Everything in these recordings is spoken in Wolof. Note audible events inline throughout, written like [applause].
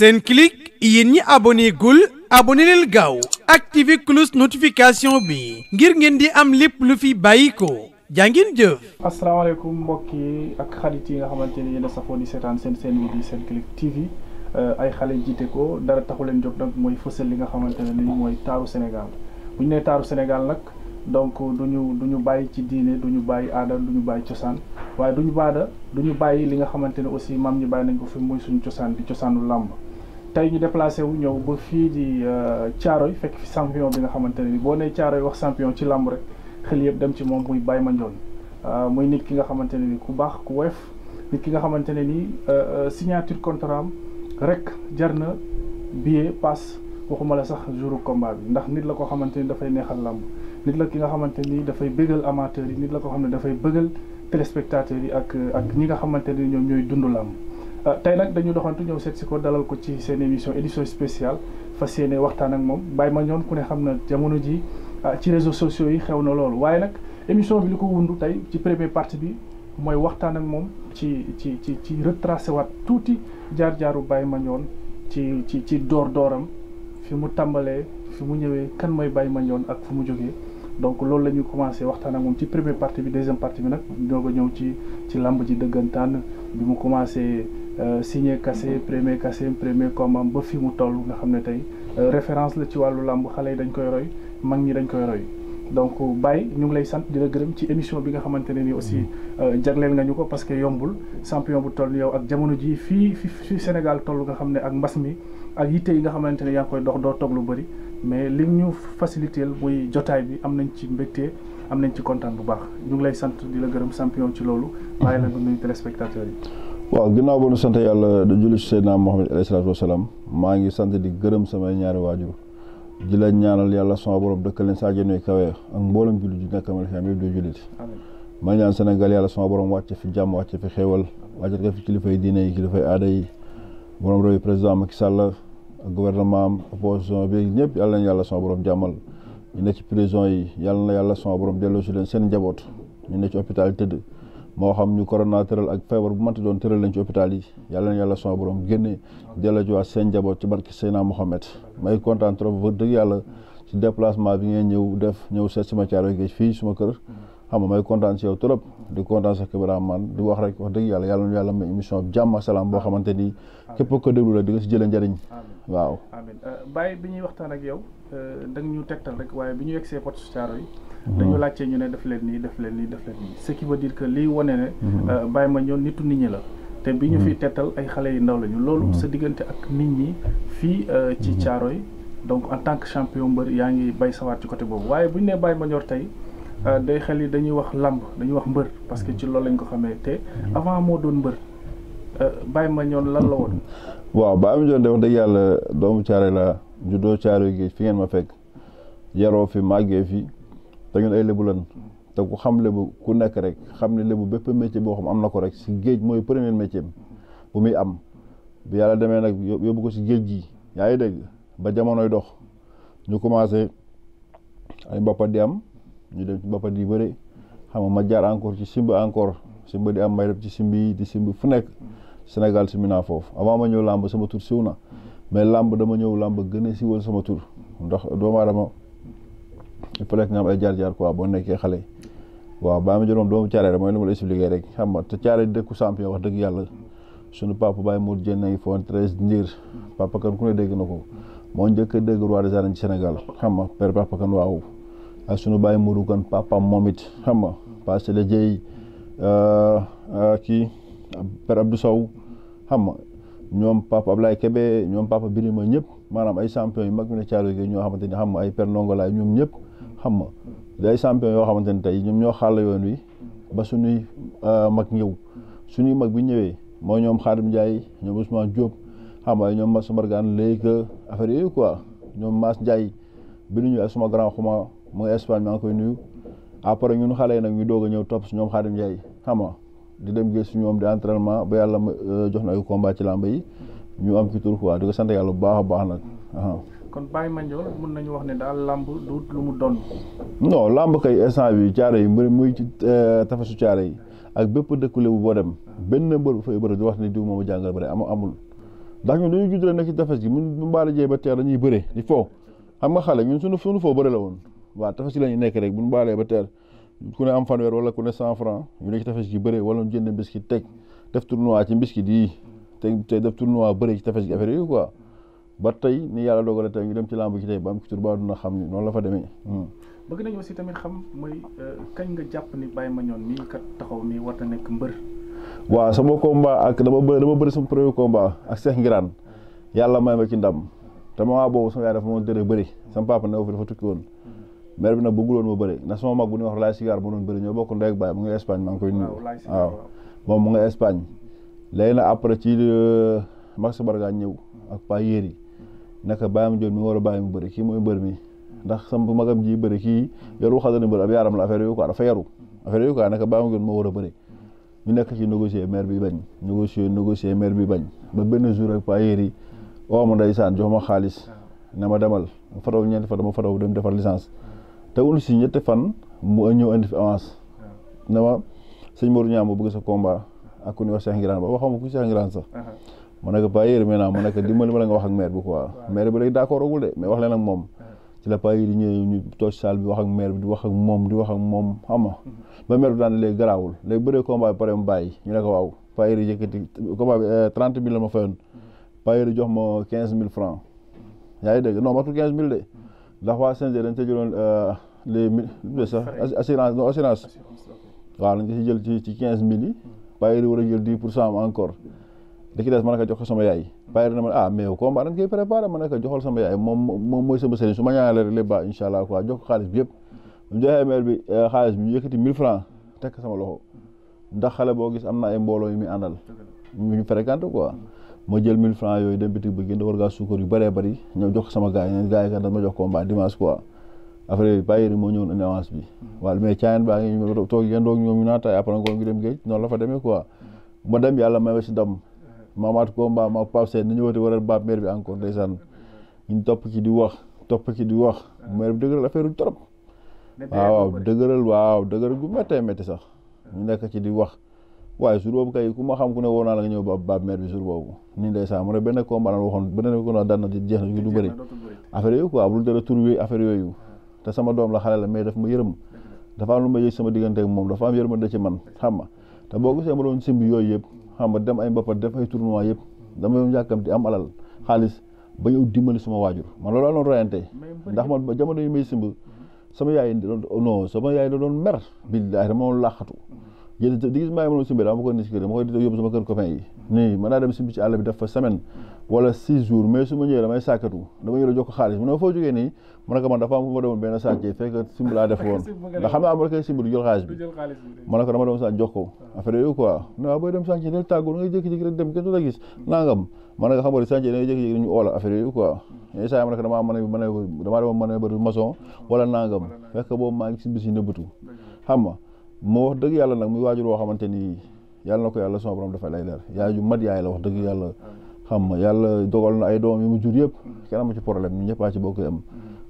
Senclic yéen ñi abonné gul abonné gaaw ak activé cloche notification bi ngir ngeen di am lépp lu fi bàyyi ko jàngin jëf. asalaamaaleykum mbokk yi ak xarit yi nga xamante ni yéen a safoo di seetaan seen seen wi di Senclic TV euh, ay xale jiite ko dara taxu leen jot nag mooy fësal li nga xamante ne nii mooy taaru Sénégal bu ñu nee taaru Sénégal nag. donc du ñu du ñu bàyyi ci diine du ñu bàyyi aada du ñu bàyyi cosaan waaye du ñu baada du ñu bàyyi li nga xamante ne aussi maam ñu bàyyi nañ ko fi muy suñu cosaan di cosaanu làmb tey ñu déplacé wu ñëw ba fii di euh, Thiaroye fekk fi champion bi nga xamante ne boo nee yi wax champion ci làmb rek xel yëpp dem ci moom muy Baye Mandione euh, muy nit ki nga xamante ne ni ku baax ku woyof nit ki nga xamante ne ni euh, signature contrat am rek jar na billet pass waxuma la sax jouru combat bi ndax nit la ko xamante ni dafay neexal làmb nit la ki nga xamante nii dafay bëggal amateurs yi nit la ko xam ne dafay bëggal téléspectateurs yi ak ak ñi nga xamante ne ñoom ñooy dund làmb Euh, tey nag dañu doxantu ñëw seet si ko dalal ko ci seen émission édition spéciale fa yéene waxtaan ak moom baay ma ñoom ku ne xam na jamono ji euh, ci réseaux sociaux yi xew na loolu waaye nag émission bi li ko wundu tey ci première partie bi mooy waxtaan ak moom ci ci ci ci retracé waat tuuti jaar-jaaru Baye Mandione ci ci ci door dooram fi mu tàmbalee fi mu ñëwee kan mooy Baye Mandione ak fu mu jógee donc loolu la ñu commencé waxtaan ak moom ci première partie bi deuxième partie bi nag ñoo ko ñëw ci ci làmb ji dëggantaan bi mu commencé euh, signe kase premier kase premier combat ba fi mu toll nga xam ne tey euh, référence la ci wàllu làmb xale yi dañ koy roy mag ñi dañ koy roy donc Baye ñu ngi lay sant di la gërëm ci émission bi nga xamante ne ni aussi euh, jagleel nga ñu ko parce que yombul champion bu toll yow ak jamono ji fii fi Sénégal toll nga xam ne ak mbas mi ak yitte yi xamante ne yaa ngi koy dox doo lu bëri mais li ñu facilité muy jotaay bi am nañ ci mbégte am nañ ci kontaan bu baax ñu ngi lay sant di la gërëm champion ci loolu. bàyyi la nga nuyu téléspectateurs yi. waaw ginnaaw ba nu sant yàlla di julli si Seydina Mohamed alayhi salaatu maa ngi sant di gërëm samay ñaari waajur di la ñaanal yàlla sama borom dëkk leen saa jëndee kawe ak mboolem jullit di nekk amal xam yëpp di jullit. ma ñaan Sénégal yàlla sama borom wàcce fi jàmm wàcce fi xéewal wàcce ko yi diine yi kilifa yi aada président Macky Sall ak gouvernement am opposition bi ñëpp yàlla na yàlla sama borom jàmmal ñu ne ci prison yi yàlla na yàlla sama borom delloo si leen seen njaboot ñu ne ci hôpital moo xam ñu corona ak feebar bu mënta doon tëral lañ ci yi yàlla na yàlla sama borom génne delloo ci waa seen njaboot ci barke Seyna Mohamed may kontaan trop ba dëgg yàlla ci déplacement bi ngeen ñëw def ñëw seet sama caaro géej fii suma kër xam nga may kontaan si yow trop di kontaan sax Kébraman di wax rek wax dëgg yàlla yàlla na yàlla may émission bi jàmm ak boo xamante ni képp ko déglu la di nga si jëlee njariñ waaw amiin euh, Baye bi ñuy waxtaan ak yow euh, da ñu tegtal rek waaye bi ñu yegsee Potes Thiaroye yi. Mhm. dañu laajtee ñu ne def leen nii def leen nii def leen nii ce qui veut dire que liy wane ne. Mhm. Euh, Baye nitu nit ñi la. te bi ñu mhm. fi tettal ay xale yu ndaw lañu. loolu sa diggante ak nit ñi fii ci Thiaroye yi donc en tant que champion mbër yaa ngi bay sawaat ci côté boobu waaye bu ñu nee Baye Mandione tey. day xel yi dañuy wax lamb dañuy wax mbër parce que ci loolu lañ ko xamee te avant moo doon mbër ma Mandione lan la woon. waaw ba am joon de wax dëgg yàlla doomu caare la juddoo caare géej fi ngeen ma fekk yaroo fi màggee fi te ñun ay lébu lan te ku xam lébu ku nekk rek xam ne lébu bépp métier boo xam am na ko rek si géej mooy premier métier bu muy am bi yàlla demee nag yóbbu ko si géej gi yaa ngi dégg ba jamonoy dox ñu commencé ay mbappat di am ñu dem ci mbappat yi bëri xam nga ma jaar encore ci simb encore simb di am may def ci simb yi di simb fu nekk Sénégal si mi naa foofu avant ma ñëw làmb sama tur siw na mais làmb dama ñëw làmb gën a siwal sama tur ndax doomu aadama il faut que nga am ay jaar-jaar quoi boo nekkee xale waaw baa ma jëloon doomu caare rek mooy li ma la expliqué rek xam nga te caare dëkku champion wax dëgg yàlla suñu papa Baye Mour Dieng nañ foon treize ndiir papa kan ku ne dégg na ko moo njëkk a dégg roi des arènes ci Sénégal xam nga père papa kan waaw ak suñu Baye Mourou kan papa moom it xam nga parce que la jëy kii père xam nga ñoom papa Ablaye kebe ñoom papa Birima ñëpp maanaam ay champion yu mag ñu ne Thiaroye Gey ñoo xamante ni xam nga ay Père Ndongolaay ñoom ñëpp xam nga day champion yoo xamante ni tey ñoom ñoo xàll yoon wi ba suñuy euh, mag ñëw suñuy mag bi ñëwee moo ñoom Xaadim Ndiaye ñoom Ousmane Diop xam nga ñoom Massa Mbargane léegi que affaire yooyu quoi ñoom Mass Ndiaye bi ñu ñëw suma grand xuma mu ngi Espagne maa koy nuyu après ñun xale yi nag ñu doog a ñëw topp si ñoom Xaadim Ndiaye xam di dem gis ñoom di entraînement ba yàlla euh, jox na ay combat ci làmb yi ñu am ci tur quoi di ko sant yàlla bu baax a baax nag. kon Baye Mandione mën nañu wax ne daal làmb du lu mu doon. non làmb kay instant bi caare yi mbir muy ci euh, tafasu caare yi ak bépp dëkkule bu boo dem benn mbër bu fay bëri di wax ne diw moomu jàngal ba am amul ndax ñun dañuy judd rek nekk ci tafas gi mu mbaala jee ba teer dañuy bëre di foo xam nga xale ñun sunu suñu foo bëri la woon waa tafas gi la ñuy nekk rek bu ñu mbaalee ba teer ku ne am fanweer wala ku ne cent franc ñu ne ci tefes gi bëre wala ñu jënd mbiskit teg def tournoi ci mbiskit yi teg te def tournoi bëre ci tefes gi affaire yooyu quoi ba tey ni yàlla dogale tey ñu dem ci lamb ci tey ba am ci tur ba duna xam ni noonu la fa demee. Hmm. bëgg nañu aussi tamit xam mooy euh, kañ nga jàpp ni Baye Mandione mii kat taxaw mi war na nekk mbër. waa sama combat ak dama bëri dama bëri sama premier combat ak Cheikh Ngiraan yàlla may ma ci boobu sama yaay dafa ma doon bëri sama papa ne fi dafa tukki woon. mère na nag bëggul woon ma bëri ndax sama mag bu ñuy wax laay sigaar moo doon bëri ñoo mu nga Espagne maa ngi koy nuyu waaw moom mu nga euh, ñëw ak Pa Yéri naka bàyyi ma joon mi war a bàyyi mu bëri kii mooy mbër mi ndax sama magam ji bëri kii yoru xasa na bëri ab yaaram la affaire dafa yaru affaire yu quoi naka bàyyi ma moo war a bëri ñu nekk ci négocier maire bi bañ négocier négocier maire bi bañ ba benn jour ak Pa Yéri oo ma ndeysaan jox ma xaalis ne ma demal fataw ñeenti fataw ma fataw dem defar licence tegul si ñetti fan mu ñëw indi fi avance na ma sëñ Modou Niang ma bëgg sa combat ak ku ñuy wax Cheikh Ngiraan ba wax ma ku Cheikh Ngiraan sax uh-huh. ma ne ko Paa Yéri maintenant ma ne ko dimbali ma la nga wax ak maire bi quoi maire bi léegi d'accord agul de mais wax leen ak moom uh-huh. ci la Paa Yéri ñëwee ñu toog salle bi wax ak maire bi di wax ak moom di wax ak moom xam ma uh-huh. ba maire bi daan léegi garaawul léegi bëree combat bi pare mu bàyyi ñu ne ko waaw Paa Yéri yëkkati combat bi euh, trente mille la ma fayoon Paa Yéri ma quinze mille francs yaa ngi dégg non ndax waa CNG dañ ca jëloon euh, les mille sax assurance non assurance waaw dañ ko si jël ci ci quinze mille yi war a jël dix pour cent encore da ci des ma ne ko jox ko sama yaay bàyyi na ma ah koy préparé ma ne joxal sama yaay moom moom mooy sama sëriñ su ma ñaanalee rek lépp ba incha allah quoi jox ko xaalis bi yëpp mu joxee maire bi euh, xaalis bi ñu yëkkati mille francs tekk sama loxo ndax xale boo gis am na ay mbooloo yu muy àndal ñu fréquente quoi ma jël 1000 francs yooyu dem bitig ba gën war ngaa suukar yu bëree bëri ñëw jox sama gars yi ne gars yi kat dama jox combat dimanche quoi après bàyyi moo ñëwoon une avance bi mm-hmm. waaw mais caayan baa ngi ñu naa tay la fa demee quoi mm-hmm. dem yàlla si ndam mm-hmm. maamaat combat ma Pape Sène ni ñu wati waral baab maire bi encore ndeysaan ñu topp ci di wax topp ci di wax maire bi dëgëral affaire bi trop waaw dëgëral waaw dëgëral gu méttee métti sax ñu nekk ci di wax waaye jour boobu kay ku ma xam ku ne woo naa la nga ñëw ba baab maire bi jour boobu nii ndeysaan mu ne benn combat lan waxoon benn ko na daan jeex na ñu du bëri affaire yooyu quoi bul dara tur yooyu affaire yooyu te sama doom la xale la mais daf ma yërëm dafa am lu sama diggante moom dafa am yërmande ci man xam nga te boo gisee ma doon simbi yooyu yëpp xam nga dem ay mbappat def ay tournoi yëpp dama doon yàkkamti am alal xaalis ba ñëw dimbali suma waajur man loolu doon royante ndax man jamono yi may simb sama yaay non sama yaay la doon mer billaahi dama doon làqatu jërëjëf di gis mbaay mënoon simbi daa ma ko ni si kër dama koy yóbbu sama kër copain yi nii mën naa simbi ci àll bi def fa semaine wala six jours mais su ma ñëwee damay sàkkatu dama ñëw jox ko xaalis mu ne foo jógee nii mu ne ko man dafa am fu ma dama doon a mën a damaa demoon mën a fekk boobu maa simbi si nëbbatu xam moo wax dëgg yàlla nag muy waajur woo xamante ni yàlla na ko yàlla sama borom dafay lay leer yaay ju mat yaay la wax dëgg yàlla xam nga yàlla dogal na ay doom yi mu jur yëpp kenn amu ci problème ñu ñëpp ci bokk am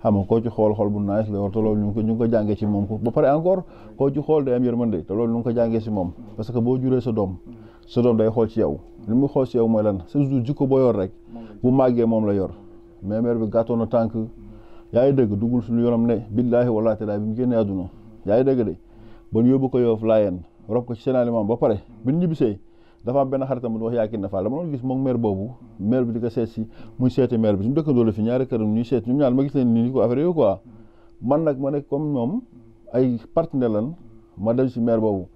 xam nga koo ci xool xool bu nice la yor te loolu ñu ngi ko ñu ko jàngee ci moom ba pare encore koo ci xool ko jàngee si moom parce que boo juree sa doom sa doom day xool ci yow li muy xool ci yow mooy lan surtout jikko boo yor rek bu màggee moom la yor mais mère bi gàttoon na tànk yaa ngi dégg dugul suñu yoram ne billaahi wallaahi taala bi mu génnee àdduna yaa ngi dégg de ba ñu yóbbu ko Yoff Layeen rob ko ci seen aliment ba pare bi ñu ñibbisee dafa am benn xaritam bu ñu wax Yaakin Fall dama doon gis moom maire boobu maire bi di ko seet seet ñoom ñaar ma gis man nag ma ne comme ñoom ay partenaire lan ma dem si maire boobu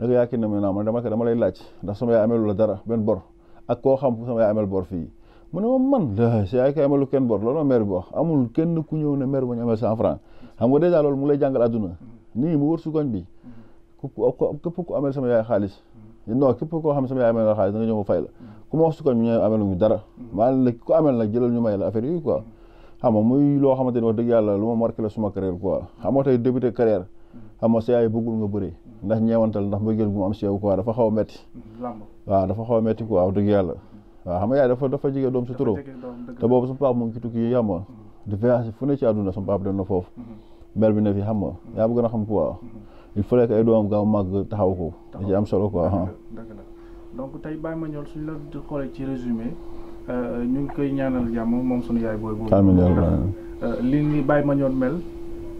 ne ko Yaakin na mu naa man dama dama lay laaj ndax sama yaay ameelu la dara benn bor ak koo xam sama yaay ameel bor fii mu ne moom man sa yaay koy ameelu kenn bor loolu maire bi wax amul kenn ku ñëw ne maire ba ñu ameel cent franc xam nga dèjà loolu mu lay jàngal àdduna nii mu wër su koñ bi ku képp ku amel sama yaay xaalis mm-hmm. non képp koo xam ne sama yaay amel la xaalis da nga ñëw ma fay la mm-hmm. ku ma wax su ko ñu ñëw amel ñu dara mm-hmm. maanaam la ku amel nag jëlal ñu may la affaire yi quoi xam nga muy loo xamante ni wax dëgg yàlla lu ma marqué la suma carrière quoi xam nga tey débuté carrière xam nga sa yaay bëggul nga bëree ndax ñeewantal ndax mbëggeel gu mu am si yow quoi dafa xaw a metti waaw dafa xaw a metti quoi wax dëgg yàlla waaw xam nga yaay dafa dafa jege doom si turó te boobu sama papa mu ngi ci tukki yi xam nga di voyage fu ne ci àdduna sama papa dem na foofu mel bi ne fi xam nga yaa bëgg na xam quoi il faut que màgg taxaw ko. da ci am solo quoi. Ah. donc tey Baye Mandione suñ la xoolee ci résumé euh, ñu ngi koy ñaanal jàmm moom suñu yaay booy boobu. amiin euh, li ñuy Baye Mandione mel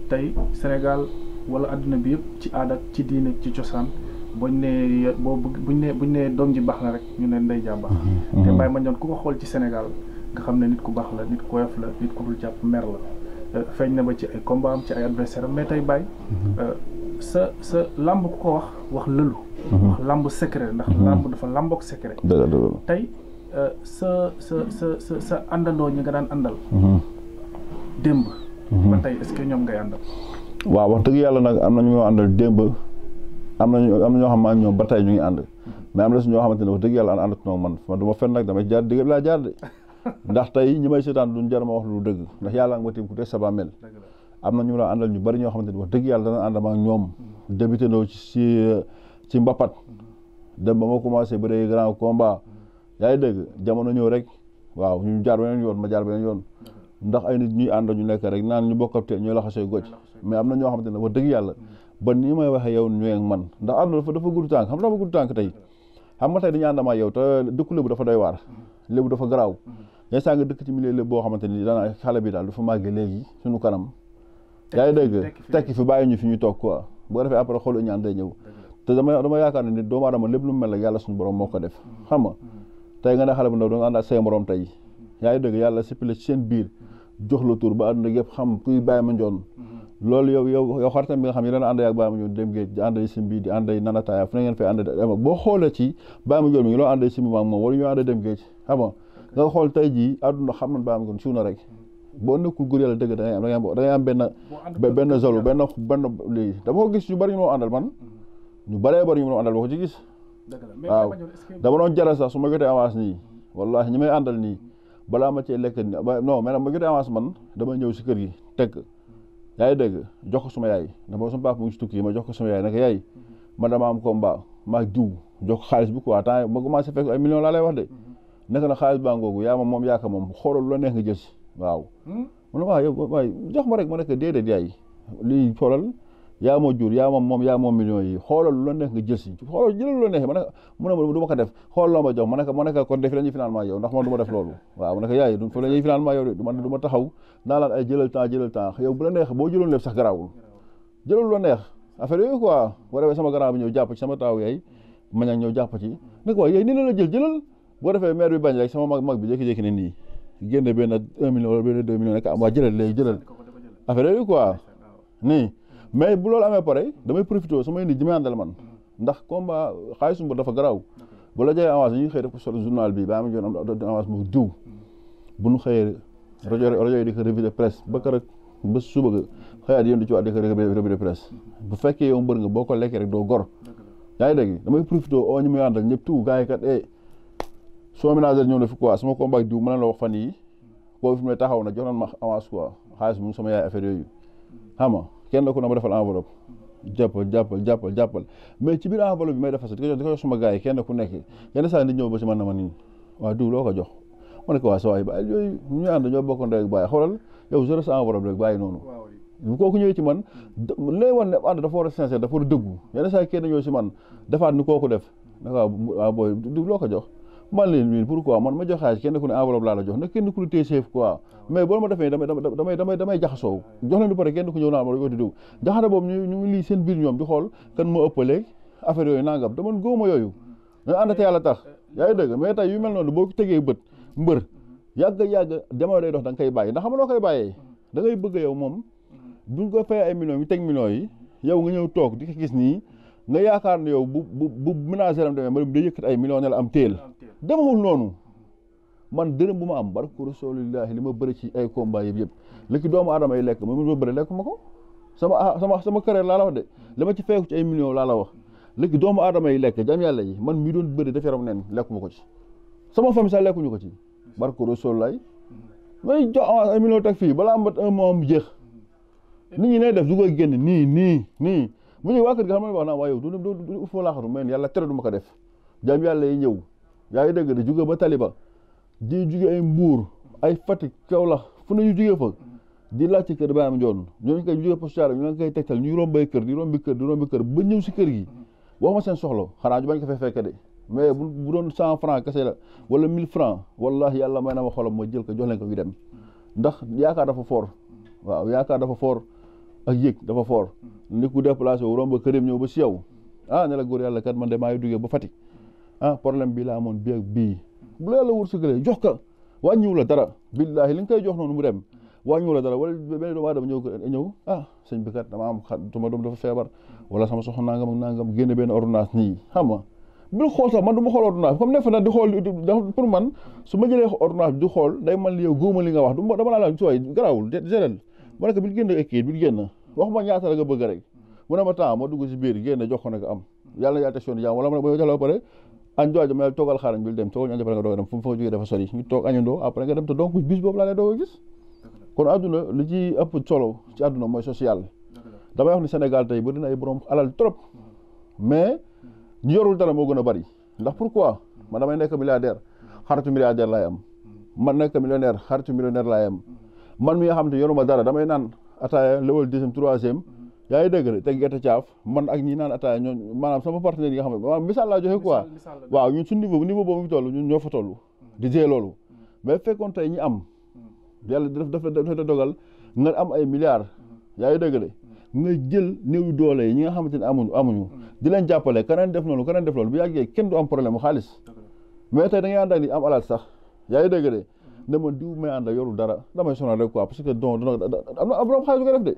tey Sénégal wala àdduna bi ci aada ci diine ci cosaan. buñ nee boo buñ nee buñ nee doom ji baax na rek ñu ne ndey jaa baax. Mhm, mhm. te Baye Mandione ku ko xool ci Sénégal nga xam ne nit ku baax la nit ku woyof la nit ku jàpp mer la. feeñ na ba ci ay combat ci ay adversaire mais tey bàyyi mhm. euh, sa sa làmb ku ko wax wax lëlu mhm. wax làmb secret ndax mhm. làmb dafa làmbook secret tey euh, sa sa sa sa sa àndandoo ñi nga daan àndal démb ba tey est ñoom ngay àndal waaw wax dëgg yàlla nag am na ñu àndal démb am nañu am na ñoo xam ne ñoom ba tey ñu ngi ànd mais am na si ñoo xamante ne wax dëgg yàlla ànd àndatuma man man du ma fen nag damay jaar digg laa jaar de [laughs] ndax tey ñi may seetaan duñ jar ma wax lu dëgg ndax yàlla nga ma tiim ku des sa bàmmeel am na ñu la àndal ñu bari ñoo xamante ni wax dëgg yàlla dana ànd ak ñoom mm-hmm. débuté loo ci ci mbapat mm-hmm. ba ma commencé bëre grand combat mm-hmm. yaa ngi dégg jamono ñëw rek waaw ñu jaar beneen yoon ma jaar beneen yoon ndax ay nit ñuy ànd ñu nekk rek naan ñu bokkatee ñu laxasee goj mais am na ñoo xamante ne wax dëgg yàlla ba nii may waxee yow ñooy ak man ndax ànd dafa dafa gudd tànk xam nga dafa gudd tànk tey xam nga tey dañuy àndamaa yow te dëkku lébu dafa doy waar lébu dafa garaaw yaa nga dëkk ci milieu lébu boo xamante ni daanaka xale bi daal dafa màgg léegi suñu kanam yaa ngi dégg tekki fi bàyyi ñu fi ñuy toog quoi boo ko defee après xoolu ñaan day ñëw te dama dama yaakaar ne ni doomu aadama lépp lu mel la yàlla suñu borom moo ko def mm-hmm. xam nga mm-hmm. tey nga ne xale bu ndaw danga ànd ak say morom tey mm-hmm. yaa ngi dégg yàlla sippile ci seen biir jox la tur ba àdduna yëpp xam kuy bàyyi ma njoon loolu yow yow yow xaritam bi nga xam ni dana ànd ak Baye Mandione dem boo xoolee ci Baye Mandione mi ñu xool tey jii àdduna xam nañ Baye Mandione na rek boo nekkul góor yàlla dëgg da am da ngay am da ngay benn benn zolo benn benn lii dama ko gis ñu bari ñu moo àndal man mm-hmm. ñu baree bari ñu moo àndal boo ko ci gis waaw dama doon jaral sax su ma jotee avance nii wallaahi ñi may àndal nii mm-hmm. balaa ma cee lekk non mais nag ma jotee avance man dama ñëw si kër gi tekk yaa ngi dégg jox ko sama yaay dama sama papa mu ngi ma jox ko sama yaay naka yaay man dama am combat maa jiw jox ko xaalis bi quoi temps ma commencé fekk ay millions laa lay wax de nekk na xaalis baa ngoogu yaa ma moom yaaka moom xoolal lu la neex nga jël si waaw. mu hmm? ne ah, waaw ma rek ma nekk déedéet yaay lii xoolal yaa ma jur yaa ma moom yaa moom millions yi xoolal lu la neex nga jël si xoolal jëlal lu la neex ma ne mu ne du ma ko def xool loo ma jox ma ne ko ma ne ko kon def la ñuy finalement yow ndax man du ma def loolu waaw ma ne ko yaay du fa la ñuy finalement yow de man du ma taxaw naa laan ay jëlal temps jëlal temps yow bu bi ñëw ma nii la la jël jëlal boo defee maire bi bañ rek sama mag mag ne nii génne benn un million wala benn deux millions nekk ah, nii mais bu loolu amee pare damay profité sama nit ñi may àndal man ndax combat xaalisu mbër dafa garaaw bu la joxee avance dañuy xëy def ko sol journal bi ba ma joon avance bu diw bu ñu xëyee rajo rajo yi di ko revue de presse ba kër ba suba ga xëyaat yéen di ci waat di ko fekkee yow nga boo ko lekkee rek doo gor yaa ngi dégg damay profité oo ñu muy àndal ñëpp tuuti gars yi kat eh suma ménager ñëw na fi quoi mën na la wax fan yi koo fi taxaw na jox ma avance quoi xaalis mu sama yaay affaire yooyu xam kenn la ko na ma defal enveloppe jàppal jàppal jàppal jàppal mais ci biir enveloppe bi may defal sax di ko jox di ko yi kenn ku nekk yenn sa nit ñëw ba ci man na ma nii waa diw loo ko jox ma ne ko waa sa waay bàyyi yooyu ñu ànd ñoo bokkoon rek bàyyi xoolal yow zéro sa enveloppe rek bàyyi noonu bu kooku ñëwee ci man lay wan ne ànd dafa war a sincère dafa war a dëggu yenn saa kenn ñëw ci man defaat ni kooku def na waa booy diw loo ko jo man leen miin pourquoi man ma joxaaj kenn ku ne enveloppe laa la jox nag kenn ku ne téye chef quoi mais boo ma defee damay damay damay damay jaxasoo jox leen du pare kenn ku ñëw naa ma dañoo di dugg jaxada yooyu nangam dama góoma te yàlla tax yaa ngi dëgg mais tey yu mel noonu boo ko tegee bët mbër yàgg-yàgg jamono day dox da nga koy bàyyi ndax xam noo koy bàyyee da ngay bëgg yow moom buñ ko fay ay millions yu teg millions yi yow nga ñëw toog di ko gis nii nga yaakaar ne yow bu bu bu ménagère am demee ma day yëkkat ay millions ne la demewul noonu man dërëm bu ma am barku rasulillahi li ma bëri ci ay combat yëpp yëpp li doomu adama yi lekk ma ma bëri lekk ma ko sama ah, sama sama carrière laa la ma ci feeku ci ay millions laa la wax li doomu aadama yi lekk jam yàlla yi man mi doon bëri def neen lekku ma ko ci sama famille sax lekkuñu ko ci barku rasulillahi may jox ay millions teg fii balaa mbat un mois jeex nit ñi nay def du koy génn nii nii nii mu ñëw waa kër gi wax naa waaye yow du du foo laaxatu yàlla tere du ma ko def jam yàlla yi ñëw yaa ngi dégg di jóge ba taliba di jóge ay mbuur ay Fatick lax fu ne ñu jóge fa di laajte kër Baye Mandione ñooñu koy jóge poste ñu ngi koy tegtal ñu rombay kër di rombi kër di rombi kër ba ñëw si kër gi wax ma seen xanaa ñu bañ ko fay fekk de mais bu doon cent franc wala mille franc wallahi yàlla may na ma xolam ma jël ko jox leen dem ndax yaakaar dafa fort waaw yaakaar dafa fort ak yëg dafa fort ni ku déplacé wu romb këram ñëw ba si yow ah ne la góor yàlla kat man de maa ngi ba Fatick ah problème bii la moon bi ak bii bu la yàlla wërsëgalee jox ko wàññiwu la dara billaahi li nga koy jox noonu mu dem wàññiwu la dara wala benn doomu aadama ñëw ñëw ah sëñ bi kat dama am xat sama doom dafa feebar wala sama soxna nangam ak nangam génne benn ordonnance nii xam nga bul xool sax man du ma xool ordonnance comme nekk di xool ma jëlee ordonnance bi xool day man li yow nga wax dama laa la sooy garaawul géral ma ne ko bil génn ay bil génn wax ma ñaata la nga bëgg rek mu a ma temps ma dugg si biir génn jox ko nag am yàlla na yàlla teg seen jàmm wala ma ne añ jooju ma toogal xaarañ bil dem toogal ñu añ après nga doog a dem fu mu fa jógee dafa sori ñu toog añandoo après nga dem te donc bis boobu laa lay doog a gis kon adduna li ci ëpp solo ci adduna mooy social damay wax ni Sénégal tey bari na ay borom alal trop mais ñu yorul dara moo gën a bari ndax pourquoi man damay nekk milliardaire xaritu milliardaire laay am man nekk millionnaire xaritu millionnaire laay am man mi nga xam te yoruma dara damay naan ataaya lewal deuxième troisième yaa ngi dégg de teg gerte caaf man ak ñi naan ataaya ñoo maanaam sama partenaire yi nga xam ne maanaam misaal laa joxe quoi waaw ñun suñu niveau niveau boobu ñu toll ñun ñoo fa di jee loolu mm. mais fekkoon tey ñi am mm. yàlla daf daf dafa dogal nga am ay milliards mm. yaa ngi dégg de nga jël néew doole yi nga xamante ne amuñu amuñu di leen jàppale keneen def noonu keneen def loolu bu yàggee kenn du am problème mu xaalis mais tey da ngay ànd ak ni am alal sax yaa ngi dégg de ne ma diw may ànd ak yorul dara damay sonal rek quoi parce que don am na xaalis bu def de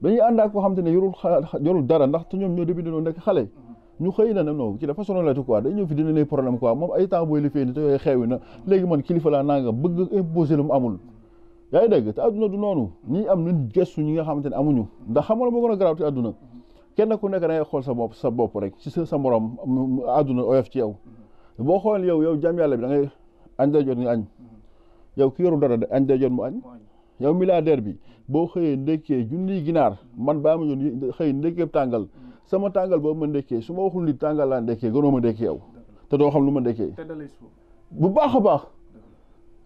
dañuy ànd ak koo xam te ne yorul xalaat yorul dara ndax te ñoom ñoo début dañoo nekk xale mm-hmm. ñu xëy na ne non ci dafa sonalati quoi dañ ñëw fi dina lay problème quoi moom ay temps booy li fee ni te yooyu na léegi man kilifa laa nanga bëgg imposer lu amul yaa ngi dégg te adduna du noonu ñi am na gestu ñi nga xamante ne amuñu ndax xam nga moo gën a garaaw aduna mm-hmm. kenn ku nekk da ngay xool sa bopp sa bopp rek ci sa sa morom adduna oyof ci yow mm-hmm. boo xoolee yow yow jàmm bi da ngay añ day jot nga añ yow ki yoru dara añ day jot mu añ yow milliardaire bi boo xëyee ndekkee junniy ginaar man baa ma ñun xëy ndekkee tàngal sama tàngal boobu ma ndekkee su ma waxul ni tàngalaa ndekkee gënoo ma ndekkee yow te doo xam lu ma ndekkee bu baax a baax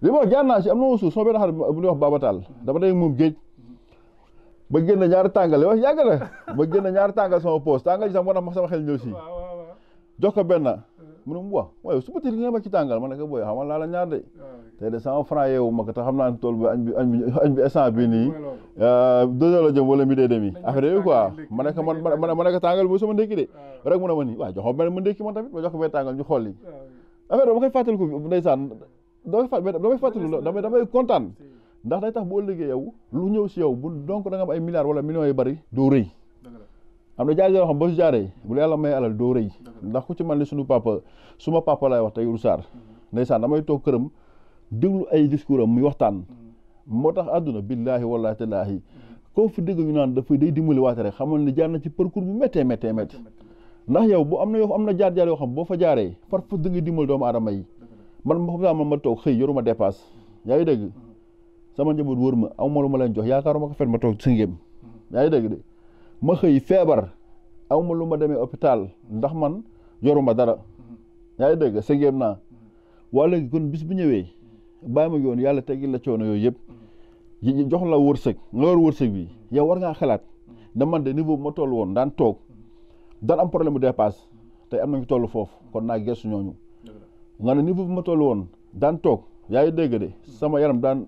li ma jaar naa si am na ma suuf sama benn xarit bu ñuy wax Babatal dama day moom géej ba génn ñaari tàngal wax yàgg ma ba ñaari tàngal sama poos tàngal ji sax moo tax sama xel ñëw si jox ko benn mu ne mu wax waaye su bëccëg li nga ma ci tàngal ma ne ko booy xamal laa la ñaar de tey de cent franc yeewu ma ko te xam naa ne tool bi añ bi nii deux wala mi dee demi affaire yooyu ma ne ko man ma ne ko tàngal bi sama ndékki de rek mu ne ma nii waaw jox ma benn ma ndékki man tamit ma jox ko benn tàngal ñu xool yi affaire damay kontaan ndax day tax boo liggéey yow lu ñëw si yow bu donc da nga ay milliards wala millions yu bari doo rëy xam nga jaay yoo xam boo si bu la yàlla may doo rëy ndax ku ci mel suñu papa suma papa laay wax tey Ould Sarr mhm. ndeysaan damay toog këram déglu ay discours am muy waxtaan mhm. moo tax àdduna billaahi wallaahi tallaahi mhm. koo fi dégg ñu naan dafay day dimbali waate rek xamal ni jaar na ci parcours bu méttee méttee métti ndax yow bu am na yoo am na jaar-jaar yoo xam boo fa jaaree par force da nga doomu aadama yi man ma xam man ma toog xëy yoruma dépasse yaa ngi dégg sama njaboot wër ma aw ma lu ma leen jox yaakaaruma ko fet ma toog singéem yaa ngi dégg de ma xëy feebar aw ma lu ma demee hôpital ndax man yoruma dara yaa ngi dégg sëgéem naa waa léegi kon bis bu ñëwee bàyyi ma yoon yàlla teggi la coono yooyu yëpp jox la wërsëg nga yor wërsëg bi yow war ngaa xalaat ne man de niveau bu ma toll woon daan toog daan am problème de dépasse tey am nañu toll foofu kon naa gestu ñooñu nga ne niveau bu ma toll woon daan toog yaa ngi dégg de sama yaram daan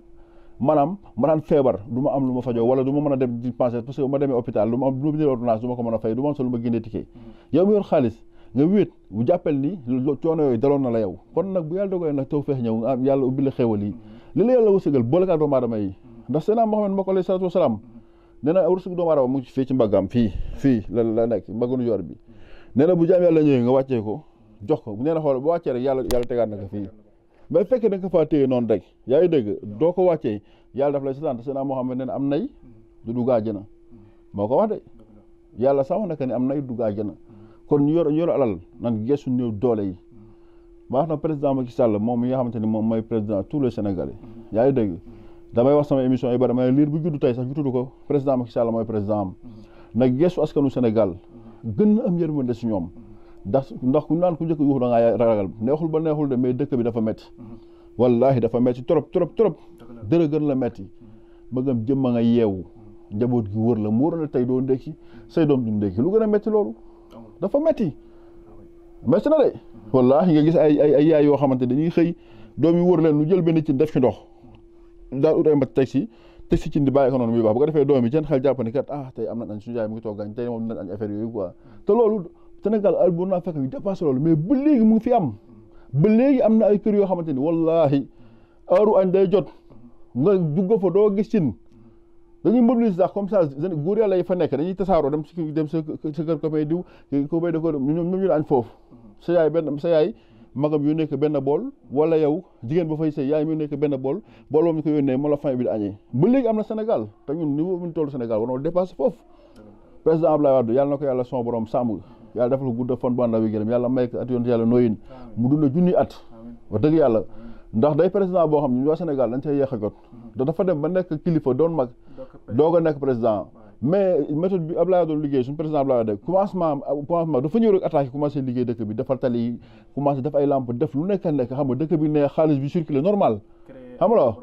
maanaam ma daan feebar du ma am lu ma fajoo wala du ma mën a dem dispensaire parce que ma demee hôpital du ma am du ma bindee ordonnance du ma ko mën a fay du ma am sa lu ma génnee ticket mm-hmm. yow mi yor xaalis nga wéet bu jàppal ni coono yooyu daloon na la yow kon nag bu yàlla dogalee nag taw feex ñëw nga ah, am yàlla ubbi la xéewal yi mm-hmm. li la yàlla wërsëgal boole kaa doomu aadama yi mm-hmm. ndax seenaa Muhammad mbokk alayhi salaatu wasalaam nee na wërsëg doomu aadama fii ci mbaggam fii fii la la nekk mbagganu yor bi nee na bu jaam yàlla ñëwee nga wàccee ko jox ko nee na xool bu wàccee rek yàlla yàlla mais fekkee da nga faa téye noonu rek yaa ngi dégg doo ko wàccee yàlla daf lay sitaan seen Muhammad ne am nay du dugg àjjana moo ko wax de yàlla sax wax na que am nay dugg àjjana kon ñu yor ñu yor alal nan geesu néew doole yi ma wax na président Macky Sall moom mi nga xamante ni moom mooy président tous les Sénégalais yaa ngi dégg damay wax sama émission yi ba damay liir bu juddu tey sax ñu tudd ko président Macky Sall mooy président am nag geesu askanu Sénégal gën na am yërmande si ndax ndax ku naan ku njëkk yuuxu da ngaa ragal neexul ba neexul de mais dëkk bi dafa metti wallahi dafa metti trop trop trop dërë gën la metti bëggam jëmm a nga yeewu njaboot gi wër la mu wër la tey doo ndékki say doom du ndékki lu gën a metti loolu dafa metti metti na de wallahi nga gis ay ay ay yaay yoo xamante dañuy xëy doom yi wër leen lu jël benn cin def ci ndox daal ut ay mat teg si teg si cin di bàyyi ko noonu muy baax bu ko defee doom yi seen xel jàpp ne kat ah tey am na añ suñu yaay mu ngi toog gañ tey moom dinañ añ affaire yooyu quoi te loolu senegal al bu naa fekk yu dépassé loolu mais ba léegi mu ngi fi am ba léegi am na ay kër yoo xamante ni wallaahi heure añ day jot nga dugg fa doo gis cin dañuy mobiliser sax comme ça góor yàlla yi fa nekk dañuy tasaaroo si dem sa kër ko may diw ko foofu sa yaay benn sa yaay magam yu nekk benn bool wala yow jigéen ba fay sëy yaay mu nekk benn bool bool moom ñu ko yónnee bi di añee am na Sénégal te ñun niveau bu ñu toll Sénégal war na dépassé foofu président Abdoulaye yàlla na ko yàlla son borom sàmm yàlla defal ko gudda fan bu ànd ak gërëm yàlla may ko at yoon yàlla nooyin mu dund junni at wax dëgg yàlla ndax day président boo xam ne ñu waa Sénégal dañ cee yéex a jot da dafa dem ba nekk kilifa doon mag doog a nekk président mais méthode bi Ablaye doon liggéey suñu président Ablaye de commencement commencement dafa ñëw bi defar tali yi commencé def ay nekk nekk xam nga dëkk bi ne xaalis bi circulé normal xam nga la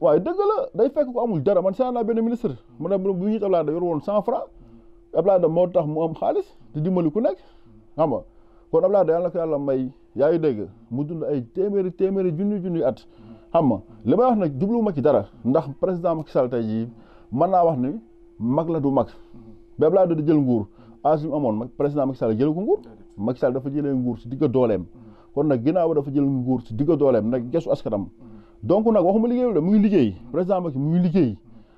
waaye dëgg la day fekk ko amul dara man seen naa benn ministre hmm. mu ne bu ñuy Ablaye de yor woon cent francs Abdoulaye Wade moo tax mu am xaalis di dimbali ku nekk xam nga kon Abdoulaye Wade yàlla na ko yàlla may yaa ngi dégg mu dund ay téeméeri téeméeri junni junni at xam ma li ma wax nag jubluwuma ci dara ndax président Macky Sall tey jii mën naa wax ni mag la du mag ba Abdoulaye da di jël nguur as mu amoon président Macky Sall jëlee ko nguur Macky Sall dafa jëlee nguur si digg dooleem kon nag ginaaw ba dafa jël nguur si digg dooleem nag gesu askanam donc nag waxuma liggéeyul de mu ngi liggéey président Macky mu ngi liggéey.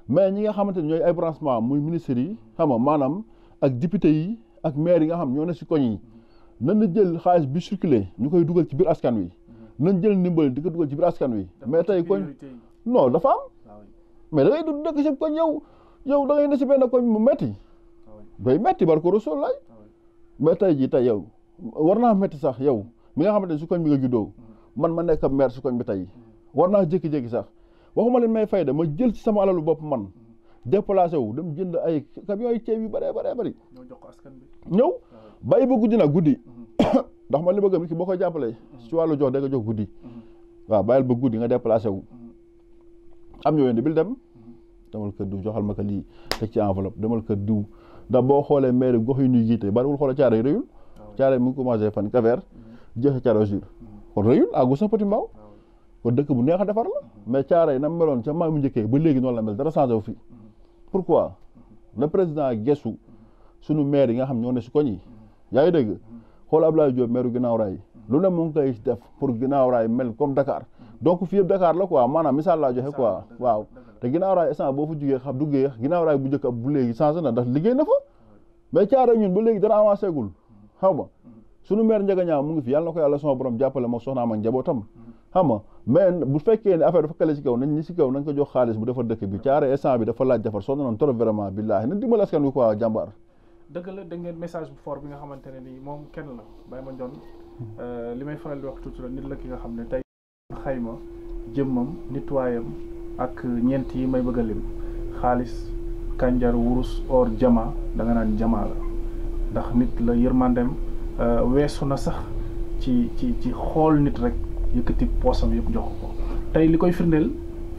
mais ñi nga xamante ni ñooy ay branchement muy ministres yi xam nga maanaam ak député yi ak maire yi nga xam ñoo ne si koñ yi nan na jël xaalis bi circulé ñu koy dugal ci biir askan wi nan jël ndimbal di ko dugal ci biir askan wi. mais tey koñ noo dafa am. Ah mais da du dund dëkk si koñ yow yow da ngay ne si benn koñ mu metti ah bay metti barko rasul lay ah mais tey jii tey yow war naa metti sax yow mi nga xamante ni si koñ bi nga juddoo mm-hmm. man ma nekk maire si koñ bi tey mm-hmm. war naa jékki sax. waxuma leen may fayda ma jël ci sama alalu bopp man déplacé wu dem jënd ay camion yooyu ceeb yu bëree bëree bëri. ñëw askan bi. ñëw ah. bàyyi ba guddi nag guddi mm-hmm. ndax ma li ma gëm ki boo koy jàppalee. si mm-hmm. wàllu jox da nga jox guddi. Mm-hmm. waaw bàyyil ba guddi nga déplacé wu. am ñoo yéen bil dem. demal kër diw joxal ma ko lii teg ci enveloppe demal kër diw ndax boo xoolee maire gox yi ñuy jiite bariwul xoola caare yi rëyul. Ah caare mu ngi commencé fan kaver jeexe caare jur kon àggu sax petit mbaaw ah. kon dëkk bu neex a defar la mais yi na meloon ca maamu njëkkee ba léegi noonu la mel dara changé wu fi pourquoi le président gestu sunu maire yi nga xam ñoo ne si koñ yi yaa ngi dégg xool Abdoulaye Diop maire ginnaaw raay lu ne mu ngi koy def pour ginnaaw raay mel comme Dakar donc fii dakaar Dakar la quoi maanaam misaal laa joxe ko waaw te ginnaaw raay instant boo fa jugee xam duggee ginnaaw raay bu njëkk bu léegi changé na ndax liggéey na fa mais Thiaroye ñun ba léegi dara avancé gul xaw ma sunu maire Ndiaga Niang mu ngi fi yàlla ko yàlla sama borom jàppale moom soxnaam ak xam nga mais bu fekkee ne affaire dafa kale ci kaw nañ si ci kaw nañ ko jox xaalis bu defar dëkk bi caare instant bi dafa laaj defar sonn nañ trop vraiment billaahi nañ dimbali askan wi quoi jàmbaar dëgg la dégg message bu fort bi nga xamante ne nii moom kenn la Baye Mandione euh, li may faral di wax tuuti la nit la ki nga xam ne tey xayma jëmmam nituwaayam ak ñeent yi may bëgg a lim xaalis kànjar wurus or jama danga naan jama la ndax nit la yërmandem euh, weesu na sax ci ci ci xool nit rek yëkkati poosam yëpp jox ko tey li koy firndeel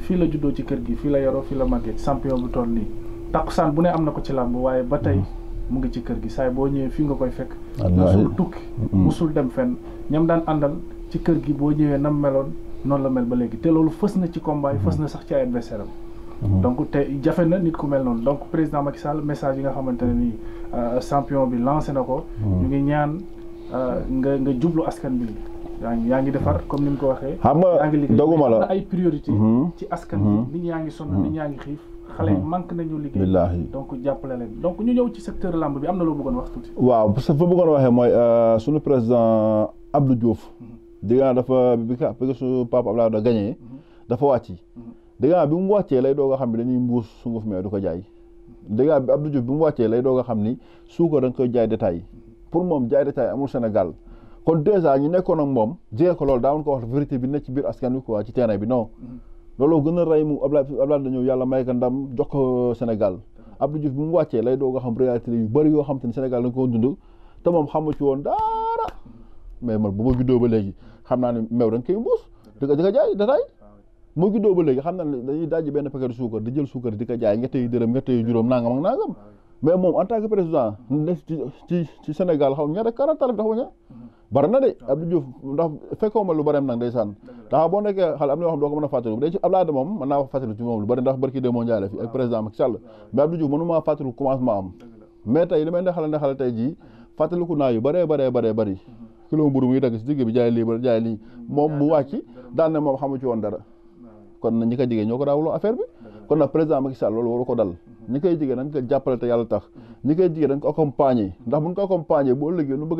fii la juddoo ci kër gi fii la yaroo fii la màggee champion bu toll nii takkusaan bu ne am na ko ci làmb waaye ba tey mm. mu ngi ci kër gi saay boo ñëwee fii nga koy fekk musul tukki mm. musul dem fenn ñam daan àndal ci kër gi boo ñëwee nam meloon noonu la mel ba léegi te loolu fës na ci combat yi fës na sax ci ay adversaire mm-hmm. donc te jafe na nit ku mel noonu donc président Macky Sall message yi nga xamante ne nii euh, champion bi lancé na ko mm. ñu ngi ñaan euh, nga nga jublu askan bi yaa ngi yaa ngi comme ni mu ko waxee. xam nga doguma la ay priorité. Mhm. ci askan bi mhm. nit ñaa ngi sonn nit ñaa ngi xiif. xale yi mhm. manque nañu liggéey. billaahi donc jàppale leen donc ñu ñëw ci secteur lamb bi am na loo bëggoon wax tuuti. waaw parce que fa bëggoon waxee mooy euh, suñu président Abdou Diouf. dégg naa dafa bi ka parce su Papa Abdoulaye da gagné. dafa wàcc. dégg naa bi mu wàccee lay doog a xam ne dañuy mbuus sunguf mais du ko jaay. dégg naa bi Abdou Diouf mu wàccee lay doog a xam ni suukar da koy jaay détail pour moom jaay taay amul Sénégal. kon dèjà ñu nekkoon ak moom jege ko lool daawoon ko wax vérité bi nekk ci biir askan wi quoi ci terrain bi non mm-hmm. looloo gën a rey mu Abdoulaye Abdoulaye dañoo yàlla may ko ndam jox ko Sénégal Abdou Diouf bi mu wàccee lay doo nga xam réalité yu bëri yoo xam te ne Sénégal da nga ko dund te moom xam xamu ci woon dara mais man bu ma juddoo ba léegi xam naa ne meew da nga koy mbuus di ko di ko jaay ah xam naa dañuy dajji benn paquet suukar di jël suukar di ko jaay ñett yu dërëm ñett yu juróom nangam ak nangam ah mais moom en tant que président def ci ci ci Sénégal xaw ñaata quarante bi taxaw bari na de ah. Abdou Diouf ndax fekkoo ma lu bareem nag ndeysaan ndax boo nekkee xale am na yoo doo ko mën a fàttaliku day ci Abdoulaye moom mën naa wax fàttaliku ci moom lu bari ndax barki de moo commencement am mais tey li may ne xale ne xale tey jii fàttaliku naa yu baree baree baree bari mm-hmm. kilo mburu muy dagg si digg bi jaay lii ba jaay lii mm-hmm. moom mu wàcc daan ne moom xamu ci woon dara kon na ñi koy jigéen ñoo ko daawuloo affaire bi kon nag président Macky loolu waru ko dal mhm. ñi koy jigéen dañ ko jàppale te yàlla tax ñi koy jigéen dañ ko accompagner mhm. ndax buñ ko accompagner boo liggéey lu bëgg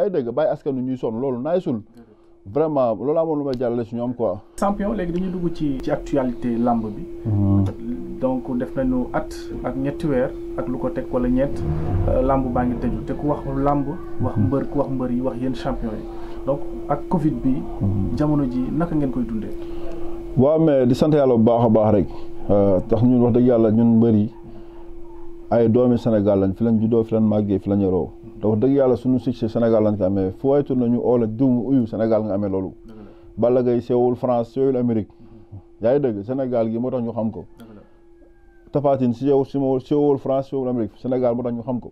mhm. sonn loolu naay sul vraiment loolu amoon lu may jàllale si ñoom quoi champion léegi dañuy dugg ci ci actualité lamb bi donc def nañu at ak ñetti weer ak lu ko teg wala ñeent euh, làmb baa ngi tëju te ku wax làmb wax hmm. mbër ku wax mbër yi wax yéen champion yi donc ak Covid bi. Hmm. jamono ji naka ngeen koy dundee. waaw mais di sant yàlla bu baax a baax rek tax euh, ñu wax dëgg yàlla ñun mbër yi ay doomi Sénégal lañ fi lañ juddoo fi lañ màggee fi lañ yoroo te wax dëgg yàlla suñu succès Sénégal lañ ko amee fu waay tur nañu oo la diw mu uyu Sénégal nga amee loolu. Balla Gaye sewul France sewul hmm. yaa ngi dëgg Sénégal gi moo tax xam ko. Tapha Tine si yow si ma si wóol France si wóol Amérique Sénégal moo tax ñu xam ko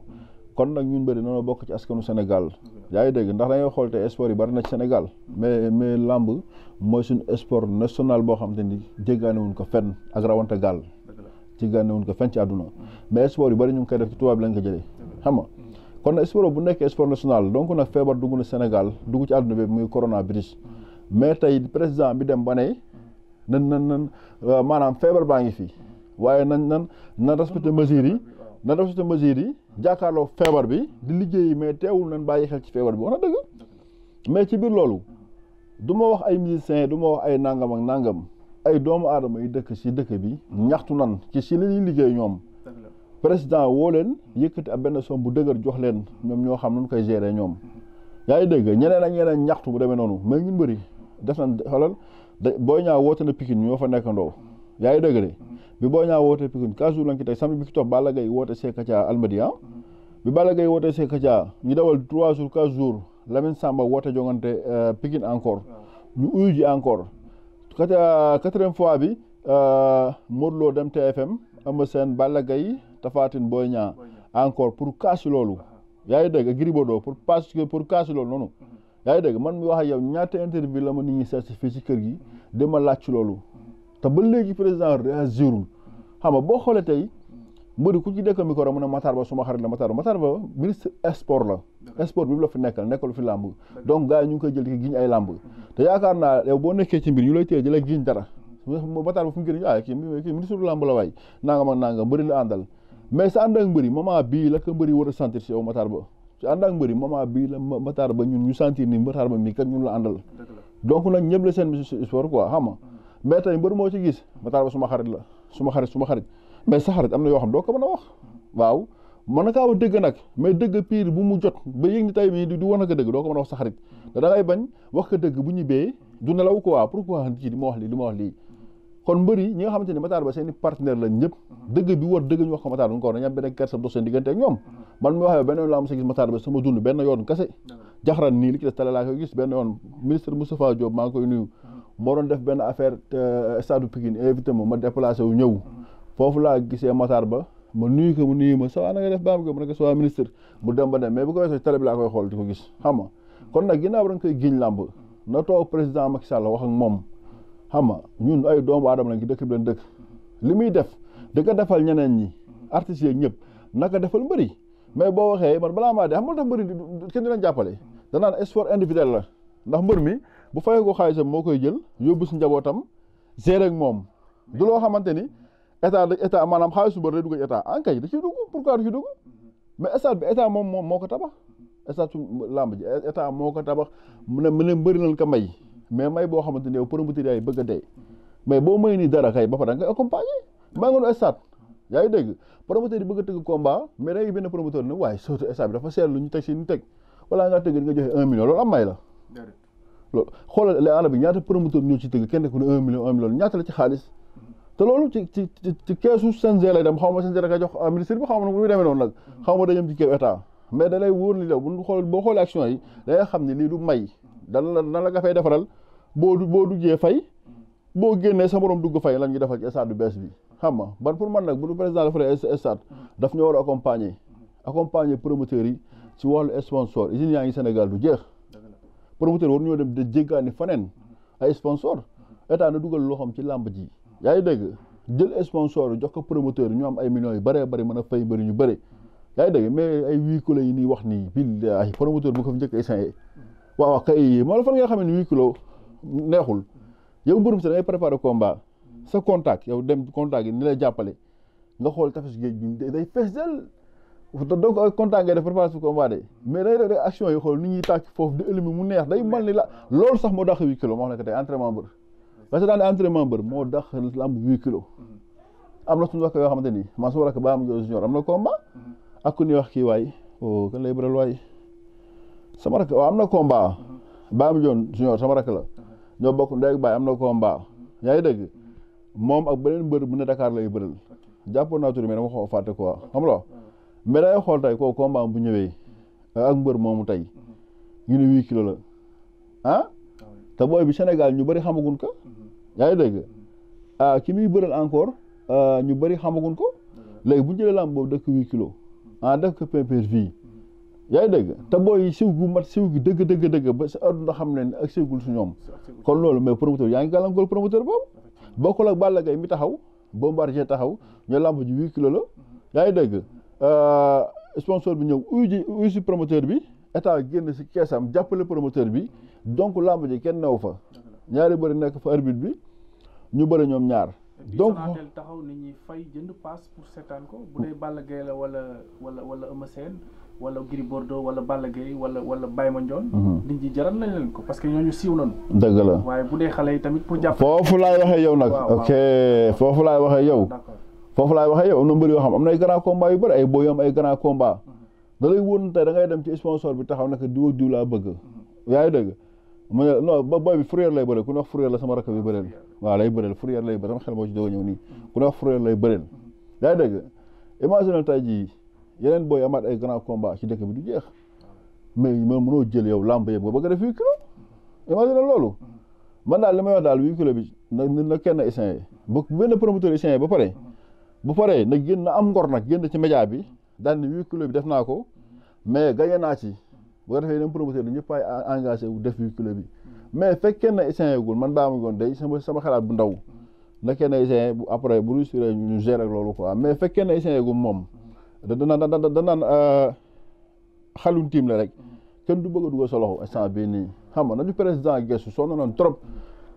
kon nag ñu bëri noonu bokk ci askanu senegal yaa ngi dégg ndax dangay xool te sport yi bari na ci Sénégal mais mais làmb mooy suñu sport national boo xam te ni jéggaanewuñ ko fenn ak rawante gàll jéggaanewuñ ko fenn ci àdduna mais sport yu bari ñu ngi koy def ci tubaab lañ ko jëlee xam nga kon sport bu nekk sport national donc nag feebar dugg na Sénégal dugg ci àdduna bi muy coronavirus mais tey président bi dem ba ne na na nan euh, maanaam feebar baa ngi fii waaye nañ nan nan respecté mesures yi nan respecté mesures yi jàkkaarloo feebar bi di liggéeyi mais teewul nañ bàyyi xel ci feebar bi wax na dëgg mais ci biir loolu du ma wax ay musiciens du ma wax ay nangam ak nangam ay doomu aadama yi dëkk si dëkk bi ñaxtu nan ci si li liggéey ñoom président woo leen yëkkati ab benn somme bu dëgër jox leen ñoom ñoo xam nu koy gérer ñoom yaa ngi dégg ñeneen ak ñeneen ñaxtu bu demee noonu mais ñun bëri def nañ xoolal booy ñaa woote na Pikine ñoo fa nekkandoo yaa ngi dëgg de bi Boy Niang wootee Pikine quinze jours lañ ci teg samedi bi ci topp Balla Gaye woote Sekatia Almadies ah. bi Balla Gaye woote Sekatia ñu dawal trois jours quinze jours Lamine Samba woote jongante euh, Pikine encore ñu uyu ji encore quatrième fois bi euh, Modou Lo dem TFM Eumeu Sène Balla Gaye Tapha Tine Boy Niang encore pour kaasi loolu yaa ngi dëgg Gris Bordeaux pour parce pour kaasi noonu yaa ngi dëgg man mi wax ak yow ñaata interview la ma nit ñi seet fii si kër gi dama laaj ci loolu te ba léegi président réagirul xam nga boo xoolee tey mbëri ku ci dëkk micro mu ne Matar Ba suma xarit la Matar Ba Matar la sport bi la fi nekkal fi làmb donc ñu ngi koy jël di ay làmb mhm. te yaakaar naa boo nekkee ci mbir ñu lay téye di la giñ dara Matar Ba fu mu a ah kii la waay mais sa ànd ak mbëri moment bii la ko a sentir si yow Matar Ba si ànd ak mbëri Ba ñun ñu sentir ni Matar Ba mii ñun la andal donc nag ñëpp la seen soor quoi xam mais tey mbër moo ci gis Matar Ba suma xarit la suma xarit suma xarit mais sa xarit am na yoo xam doo ko mën a wax waaw mën na kaa wax dëgg nag mais dëgg pire bu mu jot ba yëg ni tay bi di wax na ko dëgg doo a wax sa dëgg ñu wax lii di ñi nga xamante ni Matar Ba seen i partenaire lañ ñëpp dëgg ñu ko Matar Ba ko war dañu am diggante ñoom man mi waxee benn laa mos a gis Matar Ba sama dund benn yoon kese jaxaran nii li ci des tale laa koy gis benn yoon ministre Moustapha Diop maa ngi koy nuyu moo doon def benn affaire euh, stade Pikine invité ma ma déplacé wu ñëw foofu laa gisee Matar Ba ma nuyu ko mu nuyu ma sa na nga def baam ko mu nekk sa dem ba dem mais bu ko weesoo télé bi laa di ko gis xam nga kon nag ginnaaw da nga koy giñ làmb na toog président Macky Sall wax ak moom xam nga ñun ay doomu aadama lañ ci dëkk bi leen dëkk li muy def di ko defal ñeneen ñi artistes yeeg ñëpp naka defal mbëri mais boo waxee man balaa maa de xam nga tax mbëri kenn di leen jàppale danaan sport individuel la ndax mbër mi bu fayee ko xaalisam moo koy jël yóbbu si njabootam gérer ak moom du loo xamante ni état état maanaam xaalisu mbër day dugg ci état ankay da ciy dugg pourquoi da ciy dugg mais stade bi état moom moom moo ko tabax stade su làmb moo ko tabax mu ne mu ne mbëri nañ ko may mais may boo xamante ne yow promoteur yaay bëgg a mais boo may ni dara kay ba pare da nga koy accompagner maa ngi doon stade yaa ngi dégg promoteur yi bëgg a tëgg combat mais day benn promoteur waaye surtout stade bi dafa seetlu ñu teg si ñu teg wala nga tëgg nga joxe un million loolu am may la loolu xoolal les arabes bi ñaata promoteur ñoo ci tëgg kenn ku ne un million un million ñaata la ci xaalis te loolu ci ci ci keesu CNG lay dem xaw ma CNG la koy jox ah, ministre bi xaw ma nu muy demee noonu nag xaw ma dañu la bu boo xoolee action yi xam ne lii du may dan la nan la nga fay defaral boo du boo duggee fay boo génnee sa morom dugg fay lan ñu defal ci stade bu bees bi xam nga ban pour man nag bu président defaree stade daf ñoo war a accompagner accompagner promoteurs yi ci wàllu sponsor usine yaa ngi Sénégal du jeex promoteur war ñoo dem de jéggaani faneen ay sponsor état na dugal loo xam ci làmb ji yaa ngi dégg jël sponsor jox ko promoteur ñu am ay millions yu bëree bëri mën a fay mbëri ñu bëri yaa ngi dégg mais ay huit kilos yi nii wax nii bil ay promoteur bu ko fi njëkk essayé waaw kay moo la fan nga xam ne huit kilos neexul yow mbërum si da ngay préparé combat sa contact yow dem contact yi ni lay jàppale nga xool tafes géej bi day fees del donc kontaan ngay def préparation combat de mais day def rek action yi xool ni ñuy tàkk foofu di ëllëg mu neex day mal ni la lool sax moo dàq huit kilos moo xam ne tey entraînement mbër parce que daan entraînement mbër moo dàq lamb huit am na suñu ni man suñu rakk baa am junior ak ku ñuy wax kii waay o oh, kan lay bëral waay sama rakk am na combat baa am junior sama rakk la ñoo bokk ndey ak baay am na combat yaa ngi dégg moom ak beneen mbër bu ne Dakar lay bëral jàppoon naa tur mais dama xaw a fàtte quoi xam nga mais day xool tey kooku combat bu ñëwee euh, ak mbër moomu tey ñu ne huit kilos la ah te booy bi Sénégal ñu bari xamagun ko yaa ngi dégg ah ki muy bëral encore euh, ñu bëri xamagun ko léegi bu ñu jëlee lamb boobu def ko huit kilos ah def ko pay per yaa ngi dégg te booy siw gu mat siw gi dëgg dëgg dëgg ba sa adduna xam ne ak siwgul su ñoom kon loolu mais promoteur yaa ngi gàllankoor promoteur boobu bokkul ak Balla Gaye mi taxaw Bombardier taxaw ñu lamb ji huit kilos la yaa ngi dégg Euh, sponsor bi ñëw uy ji uy promoteur bi état génn si keesam jàppale promoteur bi donc làmb ji kenn new fa ñaari bëri nekk fa arbitre bi ñu bëri ñoom ñaar donc Sonatel taxaw nit ñi fay jënd paas pour seetaan ko bu dee Balla Gaye la wala wala wala Eumeu Sène wala Gris Bordeaux wala Balla Gaye wala wala Baye Mandione mhm. nit ñi jaral nañ leen ko parce que ñooñu siiw nañu dëgg la waaye bu dee xale yi tamit pour jàpp foofu laay waxee yow nag ok foofu laay waxee yow foofu laay waxee yow am na mbër yoo xam am na ay grand combat yu bëri ay boo am ay grand combat mhm. da lay wóor tey da ngay dem ci sponsor bi taxaw naka diw ak diw laa bëgg mhm. yaa ngi dëgg mu ne non booy bi fourrière lay bëreel ku ne wax fourrière la sama rakk bi ah, bëreel waaw lay bëreel fourrière lay bëreel sama xel moo ci doo ñëw nii mhm. ku ne wax fourrière lay bëreel yaa ngi dëgg imagine tey jii yeneen booy amaat ay grand combat ci dëkk bi du jeex mais man mënoo jël yow lamb yëpp nga bëgg a def huit kilo imagine loolu man daal li may wax daal huit kilo bi na na kenn essayé ba benn promoteur essayé ba pare bu paree nag génn na am ngor nag génn ci média bi daan ni huit kilo bi def naa ko mais gagné naa ci bu ko defee yeneen promoteur ñëpp ay engagé wu def huit kilo bi mais fekkee na essayé gul man daa ma goon day sama sama xalaat bu ndaw na kenn essayé bu après bu réussiré ñu gérer loolu quoi mais fekkee na essayé gul moom dana dana dana euh, xalun tiim la rek kenn du bëgg a dugal sa loxo instant bii nii xam nga nañu président gestu sonn nañ trop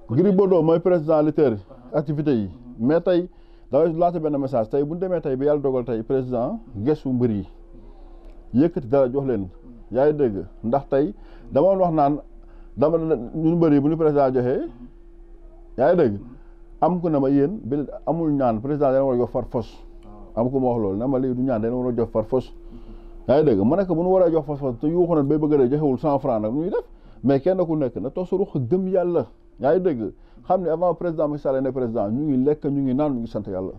Gris Bordeaux mooy président lutteur activité yi mm-hmm. mais tey daaw laata benn message tey bu ñu demee tey bi yàlla dogal tey président gesu mbër yi yëkkati dara jox leen yaa ngi dégg ndax tey dama wax naan dama ñun mbër yi bu ñu président joxee yaa ngi dégg am ku na ma yéen bi amul ñaan président dana war a jox far fos am ku ma wax loolu na ma lii du ñaan dana war a jox far fos yaa ngi dégg ma nekk bu ñu waree jox fos fos te yuuxu na bay bëgg a joxewul cent franc nag nu def mais kenn ku nekk na toog sa ruux gëm yàlla yaa ngi dégg xam ne avant président Macky Sall ne président ñu ngi lekk ñu ngi naan ñu ngi sant yàlla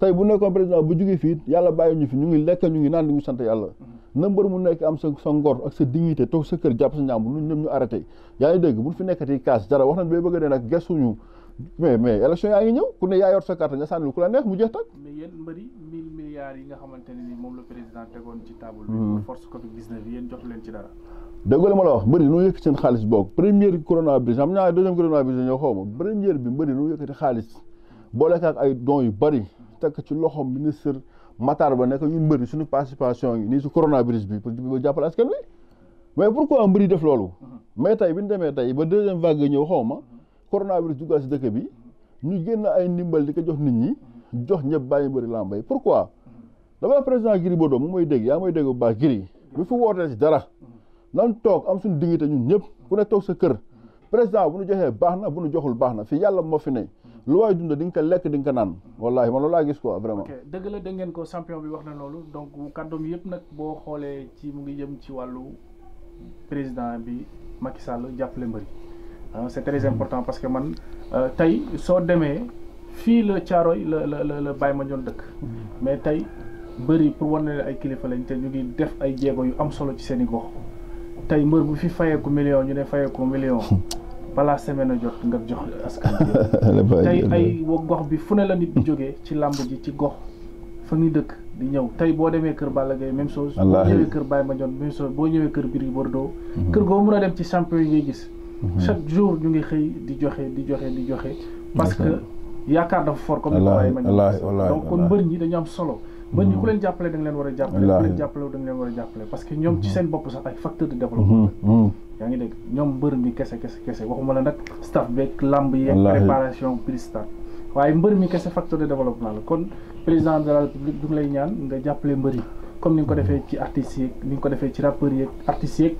tey bu nekkoon président bu jógee fii yàlla bàyyi ñu fi ñu ngi lekk ñu ngi naan ñu ngi sant yàlla nëmbar mu nekk am sa sa ngor ak sa dignité toog sa kër jàpp sa ñaam lu ñoom ñu arrêté yaa ngi dégg buñ fi nekkati kaas dara wax nañ bay bëgg a dee nag gesuñu mais mais élection yaa ngi ñëw ku ne yaa yor sa carte nga sànni ku la neex mu jeex tag xamante ni moom la président tegoon ci table bi hmm. force covid 19 yéen jox leen ci dara dëgg la ma la wax mbëri nu yëkkati seen xaalis boog première corona bi xam naa deuxième corona bi ñoo xaw ma première bi mbëri nu yëkkati xaalis boole ay dons yu bari tekk ci loxo ministre Matar ba nekk ñun mbëri suñu participation yi nii si coronavirus bi pour pour jàppale askan wi mais pourquoi mbëri def loolu mais tey bi ñu demee tey ba deuxième vague ñëw xaw ma coronavirus duggaat si dëkk bi ñu génn ay ndimbal di ko jox nit ñi jox ñëpp bàyyi mbëri làmbay pourquoi dama président Gris Bordeaux mu may dégg yaa may dégg bu baax Gris bi dara nan toog am suñu dignité ñun ñëpp ku ne toog sa kër président bu nu joxee baax na bu ñu joxul baax na fii yàlla moo fi ne lu waay dund di ko lekk di ko naan wallaahi man loolu laa gis quoi vraiment. ok dëgg la dégg ngeen ko champion bi wax na loolu donc kàddoom yëpp nag boo xoolee ci mu ngi jëm ci wàllu président bi Macky Sall jàppale mbëri ah, c'est très hmm. important parce que man euh, tey soo demee fii la Thiaroye la la la la dëkk. Hmm. mais tey mbëri pour wane ay kilifa lañ te ñu ngi def ay jéego yu am solo ci seen i gox. tey mbër bu fi fayeeku million ñu ne fayeeku million [laughs] balaa semaine a jot nga jox askan [laughs] tey ay gox bi fu ne la nit di jógee ci làmb ji ci gox fa ñu dëkk di ñëw tey boo demee kër Balla Gaye même chose boo ñëwee kër Baye Mandione même chose boo ñëwee kër Gris Bordeaux mhm. kër goo mën a dem ci champion yi ngay gis mhm. chaque jour ñu ngi xëy di joxe di joxe di joxe parce que yaakaar dafa fort comme ni ko Baye Mandione donc kon mbër ñi dañu am solo ba ñu mm. ku leen jàppale da leen war a jàppale ku a jàppale parce que ñoom ci mm-hmm. seen bopp sax ay facteur de mm-hmm. développement mm-hmm. yaa ngi dégg ñoom mbër mi kese kese kese waxuma la nag staff beeg lamb yeeg préparation plus stade waaye mbër mi kese facteur de développement la kon président de la république du ngi lay ñaan nga jàppale mbër yi comme ni nga ko defee ci artistes yeeg ni nga ko defee ci rappeurs yeeg artistes yeeg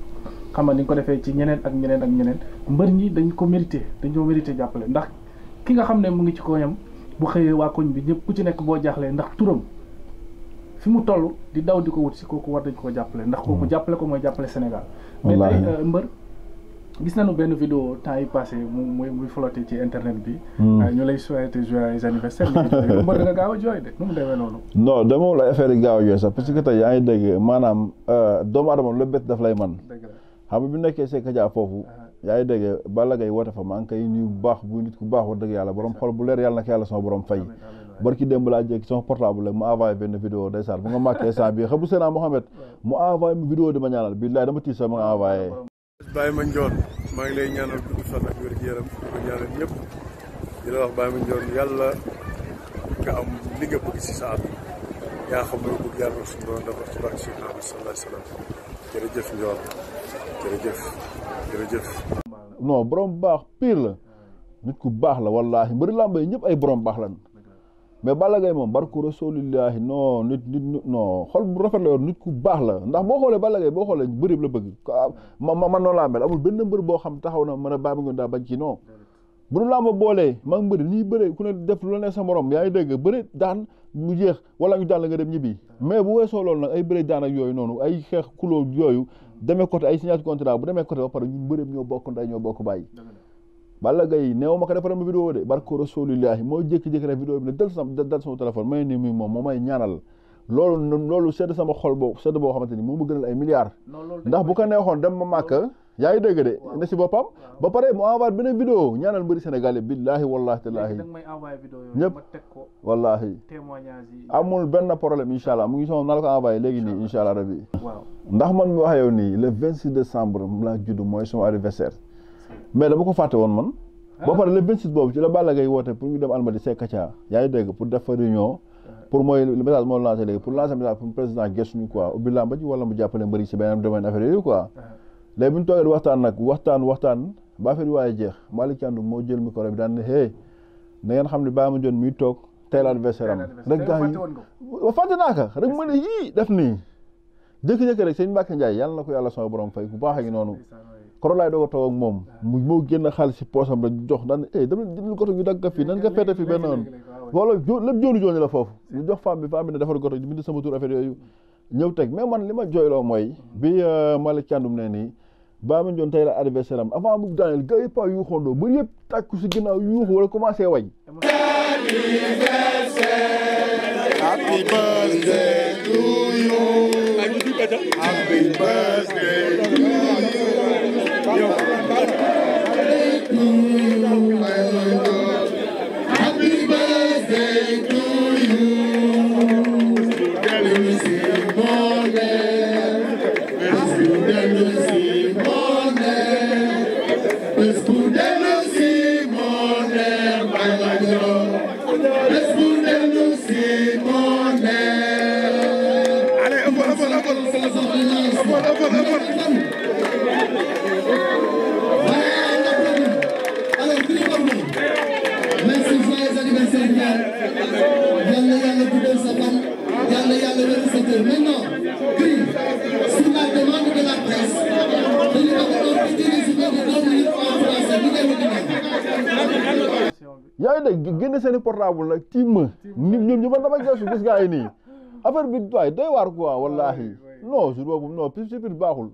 xam nga ni nga ko defee ci ñeneen ak ñeneen ak ñeneen mbër ñi dañ ko mérité dañoo mérité jàppale ndax ki nga xam ne mu ngi ci koñam bu xëyee waa koñ bi ñëpp ku ci nekk boo jaaxlee ndax turam fi mu toll di daw di ko wut si kooku war nañ koo jàppale ndax kooku mm. jàppale ko mooy jàppale Sénégal mais tey euh, mbër gis nañu benn vidéo temps yi passé mu muy muy ci internet bi mm. euh, ñu lay souhaité joyeux anniversaire mbër da nga gaaw a jooy de nu a sax parce que tey yaa ngi dégg maanaam euh, doomu adama lu bett daf lay man xam nga bi nekkee see kajaa foofu ah. yaa ngi dégg Balla Gaye woote fa maa ngi koy nuyu bu baax bu nit ku baax wax dëgg yàlla borom xol bu leer yàlla nag yàlla sama borom fay barki démb laa jékki sama portable rek mu envoyé benn vidéo ndeysaan mu nga màkkee saa bi xabu seenaa Mohamed mu envoyé mu vidéo di ma ñaanal billaay dama tiis sama nga envoyé Baye Mandione lay ñaanal gudd fan ak wér gu yaram ma ñaanal ñëpp di yàlla nga am li nga si sa yaa xam loo bëgg yàlla suñu doon dafa ci barke si Muhammad sallallahu alayhi wa sallam borom baax pire la nit ku baax la wallaahi mbëri làmb yi ñëpp ay borom baax lan mais Balla Gaye moom barku rasulillahi non nit nit non xol bu rafet la yor nit ku baax la ndax boo xoolee Balla Gaye boo xoolee bëri la bëgg ma man noonu laa mel amul mbër boo xam taxaw na mën a baax ma daa bañ ci non bu nu ma boolee maa ngi bëri nii bëri ku ne def lu ne sa morom yaa ngi dégg bëri daan mu jeex wala ñu daan la nga dem ñibbi mais bu weesoo loolu nag ay bëri daan ak yooyu noonu ay xeex kuloo yooyu demee côté ay signature contrat bu demee côté ba pare ñun bëri ñoo bokk nday ñoo bokk bàyyi bala Gaye new ma ko defaral de barko rasulillahi moo jékki-jékki rek vidéo bi ne dal sama dal sama téléphone may moom moo may ñaanal loolu sedd sama xol boobu sedd boo xamante ni moo ma gënal ay milliards ndax bu ko neexoon dem ma màkk yaa ngi de ne si boppam ba pare mu envoyé beneen vidéo ñaanal mbëri Sénégal yi billaahi wallaahi tallaahi ñëpp wallaahi amul benn problème incha allah mu ngi soom naa la ko envoyé léegi nii incha allah rabbi ndax man mi wax yow nii le 26 mais dama ko fàtte woon man. Ah. boo pare le 26 boobu ci la Balla Gaye woote pour ñu dem Almadi Seck Kacha yaa ngi dégg pour def fa réunion. pour mooy le message moo léegi pour lancer message pour président gëstuñu quoi ubbi làmba ji wala mu jàppale mbëri ci beneen domaine affaire yooyu quoi. Ah. léegi bu ñu toogee waxtaan nag waxtaan waxtaan ba affaire yi waaye jeex Malick Thiandoum moo jël micro bi daan ne hey na ngeen xam ne Baye Mandione miy toog tey la adversaire am rek gaa yi naa ko rek ma ne yii def nii jëkki-jëkki rek sëñ Mbacke Ndiaye yàlla na ko yàlla sama borom fay bu baax a koroon laay doog a toog ak moom ah. moo génn xaalis si poosam rek jox daan eh dama jënd goto bi dagg fii nan nga feete fii benn yoon wala lépp jooni jooni la foofu ñu jox femme bi femme bi ne defar goto bind sama tur affaire yooyu ñëw teg mais man li ma jooyloo mooy hmm. bi euh, Malick Thiandoum ne nii ba ma joon tey la a am avant mu daaneel gars yi pas yuuxoondoo ba yëpp tàkku si ginnaaw yuuxu wala commencé wañ Happy birthday to you. nag génne seen i portable nag tiim ma ñoom ñu man dama gesu gis gaa yi nii [laughs] affaire bi waaye doy waar quoi wallahi non jour boobu non pi sipir baaxul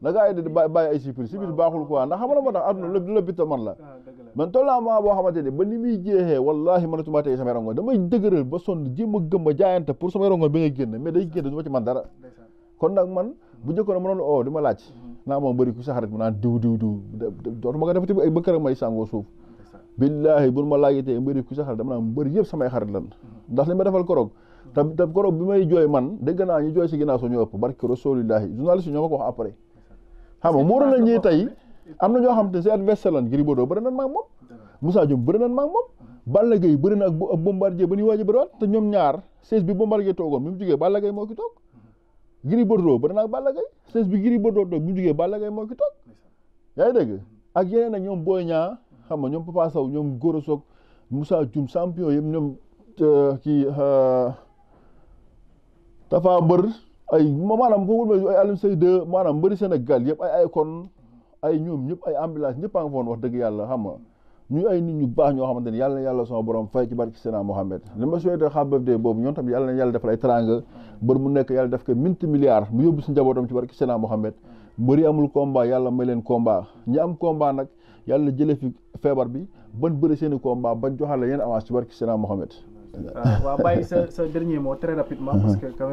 na gaa yi di bàyyi ay sipir sipir baaxul quoi ndax xamala moo tax aduna lépp la bitta man la ah, man tollaa ma boo xamante ne ba ni muy jeexee wallahi mënatuma tey samay rongoñ damay dëgëral ba sonn jéem a gëm ba jaayante pour samay rongoñ bi ngay génn mais day génn du ma ci man dara kon nag man bu njëkkoon mënoon oo di ma laaj mm-hmm. naa naan diw diw diw dootuma ko defati ba kër suuf billaahi bu ma laajitee mbëri ku sa xarit dama naa mbëri yëpp samay xarit lan ndax li ma defal koroog te te bi may jooy man dégg naa ñu jooy si ginnaaw soo ñu ëpp barke rasulillahi journaliste yi ñoo ma ko wax après xam nga muur nañ ñi am na ñoo xam te si adversaire lan Gris Bordeaux bëri nan maag moom Moussa Diop bëri nan maag moom Balla Gaye bëri na ak Bombardier ba ñuy waaj a bëriwaat te ñoom ñaar seize bi Bombardier toogoon bi mu jugee Balla Gaye moo ki toog Gris Bordeaux bëri na ak Balla Gaye seize bi Gris Bordeaux toog bi mu jugee Balla Gaye moo ki toog yaa ngi dégg ak yeneen ak ñoom booy Niang xam nga ñoom Papa Sow ñoom Gora Sock Moussa Dioum champion yëpp ñoom kii Tafa Mbër ay maanaam ko wul ay Alioune Seye 2 maanaam mbëri Sénégal yëpp ay ay kon ay ñoom ñëpp ay ambulance ñëpp a ngi foon wax dëgg yàlla xam nga ñu ay nit ñu baax ñoo xamante ne yàlla na yàlla sama borom fay ci barki Seydina Mohamed li ma souhaité xabab de boobu ñoom defal ay teraanga bër mu nekk yàlla def ko minti milliards mu yóbbu si njabootam ci barki Seydina Mohamed mbëri amul combat yàlla may leen combat ñu am combat nag yàlla jëlee fi feebar bi ban bëri seen i combat ba joxal la yéen avance ci barki Seydina Mohamed. Ah, waaw bàyyi sa sa dernier moo très rapidement. parce que quand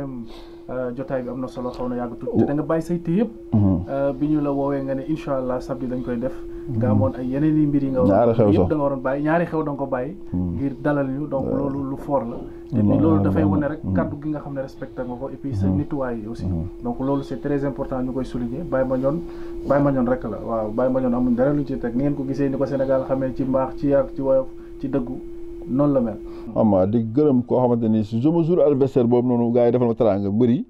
euh, jotaay bi am na solo xaw na yàgg tuuti. te oh. da nga bàyyi say téye yëpp. Mm-hmm. Euh, bi ñu la woowee nga ne incha allah samedi dañ koy def. nga hmm. amoon ay yeneen yi mbir yi nga ñaari xew yëpp da nga waroon bàyyi ñaari xew da nga ko bàyyi hmm. ngir dalal ñu donc loolu lu fort la et puis loolu dafay wane rek hmm. kaddu gi nga xam ne respecté nga ko et puis sa nituwaay aussi donc loolu c'est très ko gisee ni ko Sénégal xamee ci mbaax ci yar ci woyof ci dëggu noonu la mel ama di gërëm koo xamante ni si joma jour anniversaire boobu noonu gars yi defal ma teraanga mbëri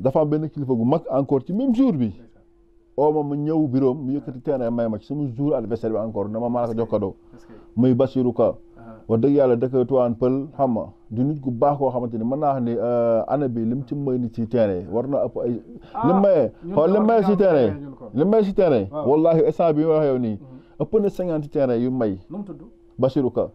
dafa am benn kilifa gu mag encore ci même jour bi oo ma ma ñëw biroom mu yëkkati terrain may ma ci sama jour adversaire bi encore ma maa la ko jox cadeau muy basiru Ka ah. wax dëgg yàlla dëkk tuwaan pël xam ma du nit ku baax koo xamante ni mën naa wax ni euh, année bi lim ci may nit ci terrain war na ëpp ay ah, lim mayee xool lim mayee si terrain lim mayee si terrain wallaahi instant bi ma wax yow nii mm-hmm. ëpp na cinquante terrain yu may Bassirou Ka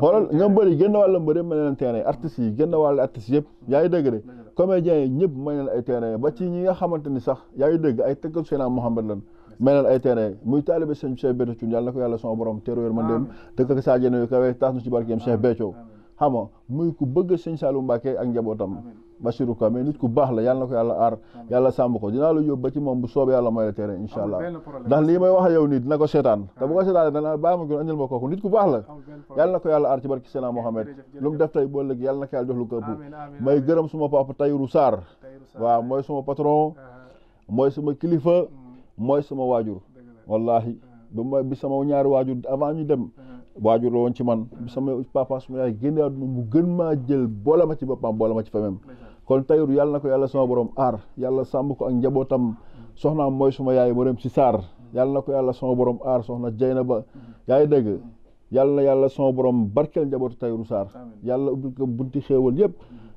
xoolal ñoom bëri génn wàllu mbëri mel leen terrain artistes yi génn wàllu artistes yëpp yaa ngi dëgg comme yi ñëpp may leen ay terrain ba ci ñi nga xamante ni sax yaa ngi dégg ay tëkkat Seydina Mohamed lan may leen ay terrain muy taalibe seen Cheikh Béthio Thioune yàlla na ko yàlla sama borom teeru yërmande dem dëkk ak saa jëne yu taas nu ci barkeem Cheikh Béthio xam muy ku bëgg sëñ Saliou Mbacke ak njabootam Bassirou Ka mais nit ku baax la yàlla na ko yàlla aar yàlla sàmm ko dinaa la yóbbu ba ci moom bu soob yàlla mooy la tere incha allah ndax lii may wax yow nii dina ko seetaan te bu ko seetaanee dana bàyyi ma gën andil ma ku baax la yàlla na ko yàlla aar ci barki Seydina Mohamed lu mu def tey boo léegi yàlla na ko yàlla jox lu ko ëpp may gërëm suma papa Tayrou Sarr waaw mooy suma patron mooy suma kilifa mm. mooy suma waajur wallahi bi sama ñaari waajur avant ñu dem waajur la woon ci man sama papa suma yaay génne àdduna mu gën maa jël boole ma ci boppam boole ma ci famem kon tayru yàlla na ko yàlla sama borom aar yàlla sàmm ko ak njabootam soxnaam mooy suma yaay ma dem ci yàlla na ko yàlla sama borom aar soxna Jaynaba yaa ngi dégg yàlla na yàlla sama borom barkeel njabootu tayru saar yàlla ubbil ko bunti xéewal yëpp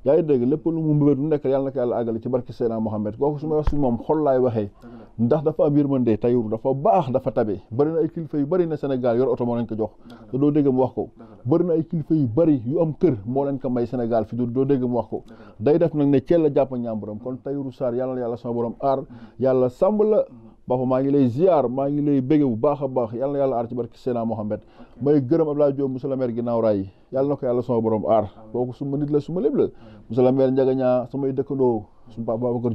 yaa ngi dégg lépp lu mu mbébét lu nekk yàlla na ko yàlla àggale ci barke Seydina Mohamed kooku su ma si moom xol laay waxee ndax dafa am yërmande tayur dafa baax dafa tabe bëri na ay kilifa yu bari na Sénégal yor oto moo leen ko jox te doo dégg wax ko bëri na ay kilifa yu bëri yu am kër moo leen ko may Sénégal fi doo dégg wax ko day def nag ne ceel la jàpp ñaamborom kon tayuru saar yàlla na yàlla sama borom aar yàlla sàmb la Baafa maa ngi lay ziar maa ngi lay bége bu baax a baax yàlla na yàlla aar ci barke Seydina Mohamed may gërëm Abdoulaye Diop monsieur le maire ginnaaw raay yàlla na ko yàlla sama borom aar kooku suma nit la suma lépp la monsieur le maire Ndiaga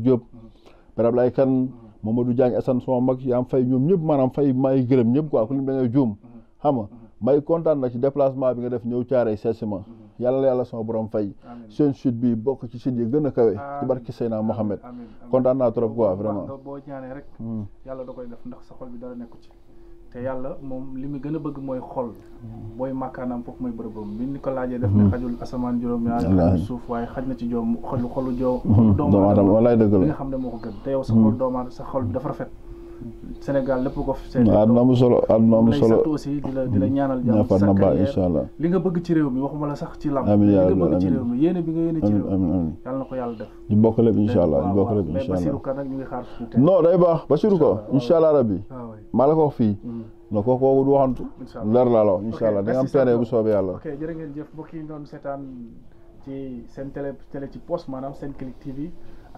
Niang Mamadou Diagne Assane sama mag yi am fay ñoom ñëpp maanaam fay may gërëm ñëpp quoi ku lim da ngay juum mm-hmm. xam mm-hmm. may kontaan na ci déplacement bi nga def ñëw caaree seesima mm-hmm. yàlla la yàlla sama borom fay seen sud bi bokk ci sud yi gën a kawe ci barki Seyna Mohamed kontaan naa trop quoi vraiment boo ñaanee rek mm. yàlla da koy def ndax sa xol bi dara nekku ci te yàlla moom li mu gën a bëgg mooy xol mm. booy màkkaanaam foofu mooy bërëbam bi ñu ko laajee def ne mm-hmm. xajul asamaan juróom ñaar suuf waaye xaj na ci joom xolu xolu joo xolu mm-hmm. doomu aadama walaay dëgg li nga xam ne moo ko te yow sa xol mm-hmm. doomu sa xol bi dafa Sénégal lépp ko seet. àdduna am solo àdduna am solo aussi di ñaanal di la ñaanal jàmm sa carrière allah li nga bëgg ci réew mi waxuma la sax ci lam amiin yaa rabbal aalamiin li nga bëgg ci réew mi yéene bi nga yéene ci réew mi amiin amiin yàlla na ko yàlla def ñu bokk lépp incha allah ñu bokk ah, maa la ko wax fii mm. na ko kooku du waxantu leer laa la wax incha allah da nga am bu soobee yàlla ok jërë ngeen jëf mbokk yi seetaan ci seen télé télé ci poste maanaam Senclic TV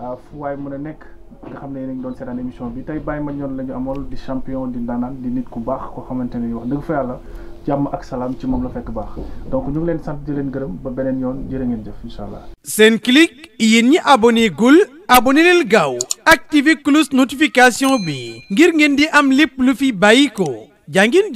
Euh, fu waay mën a nekk nga xam ne yéen doon seetaan émission bi tey Baye Mandione la ñu amoon di champion di ndaanaan di nit ku baax ko xamante ne wax dëgg fa yàlla jàmm ak salaam ci moom la fekk baax donc ñu ngi leen sant di leen gërëm ba beneen yoon jërë ngeen jëf incha allah. Senclic yéen ñi abonné gul abonné leen gaaw activé cloche notification bi ngir ngeen di am lépp lu fi bàyyi ko jaa ngeen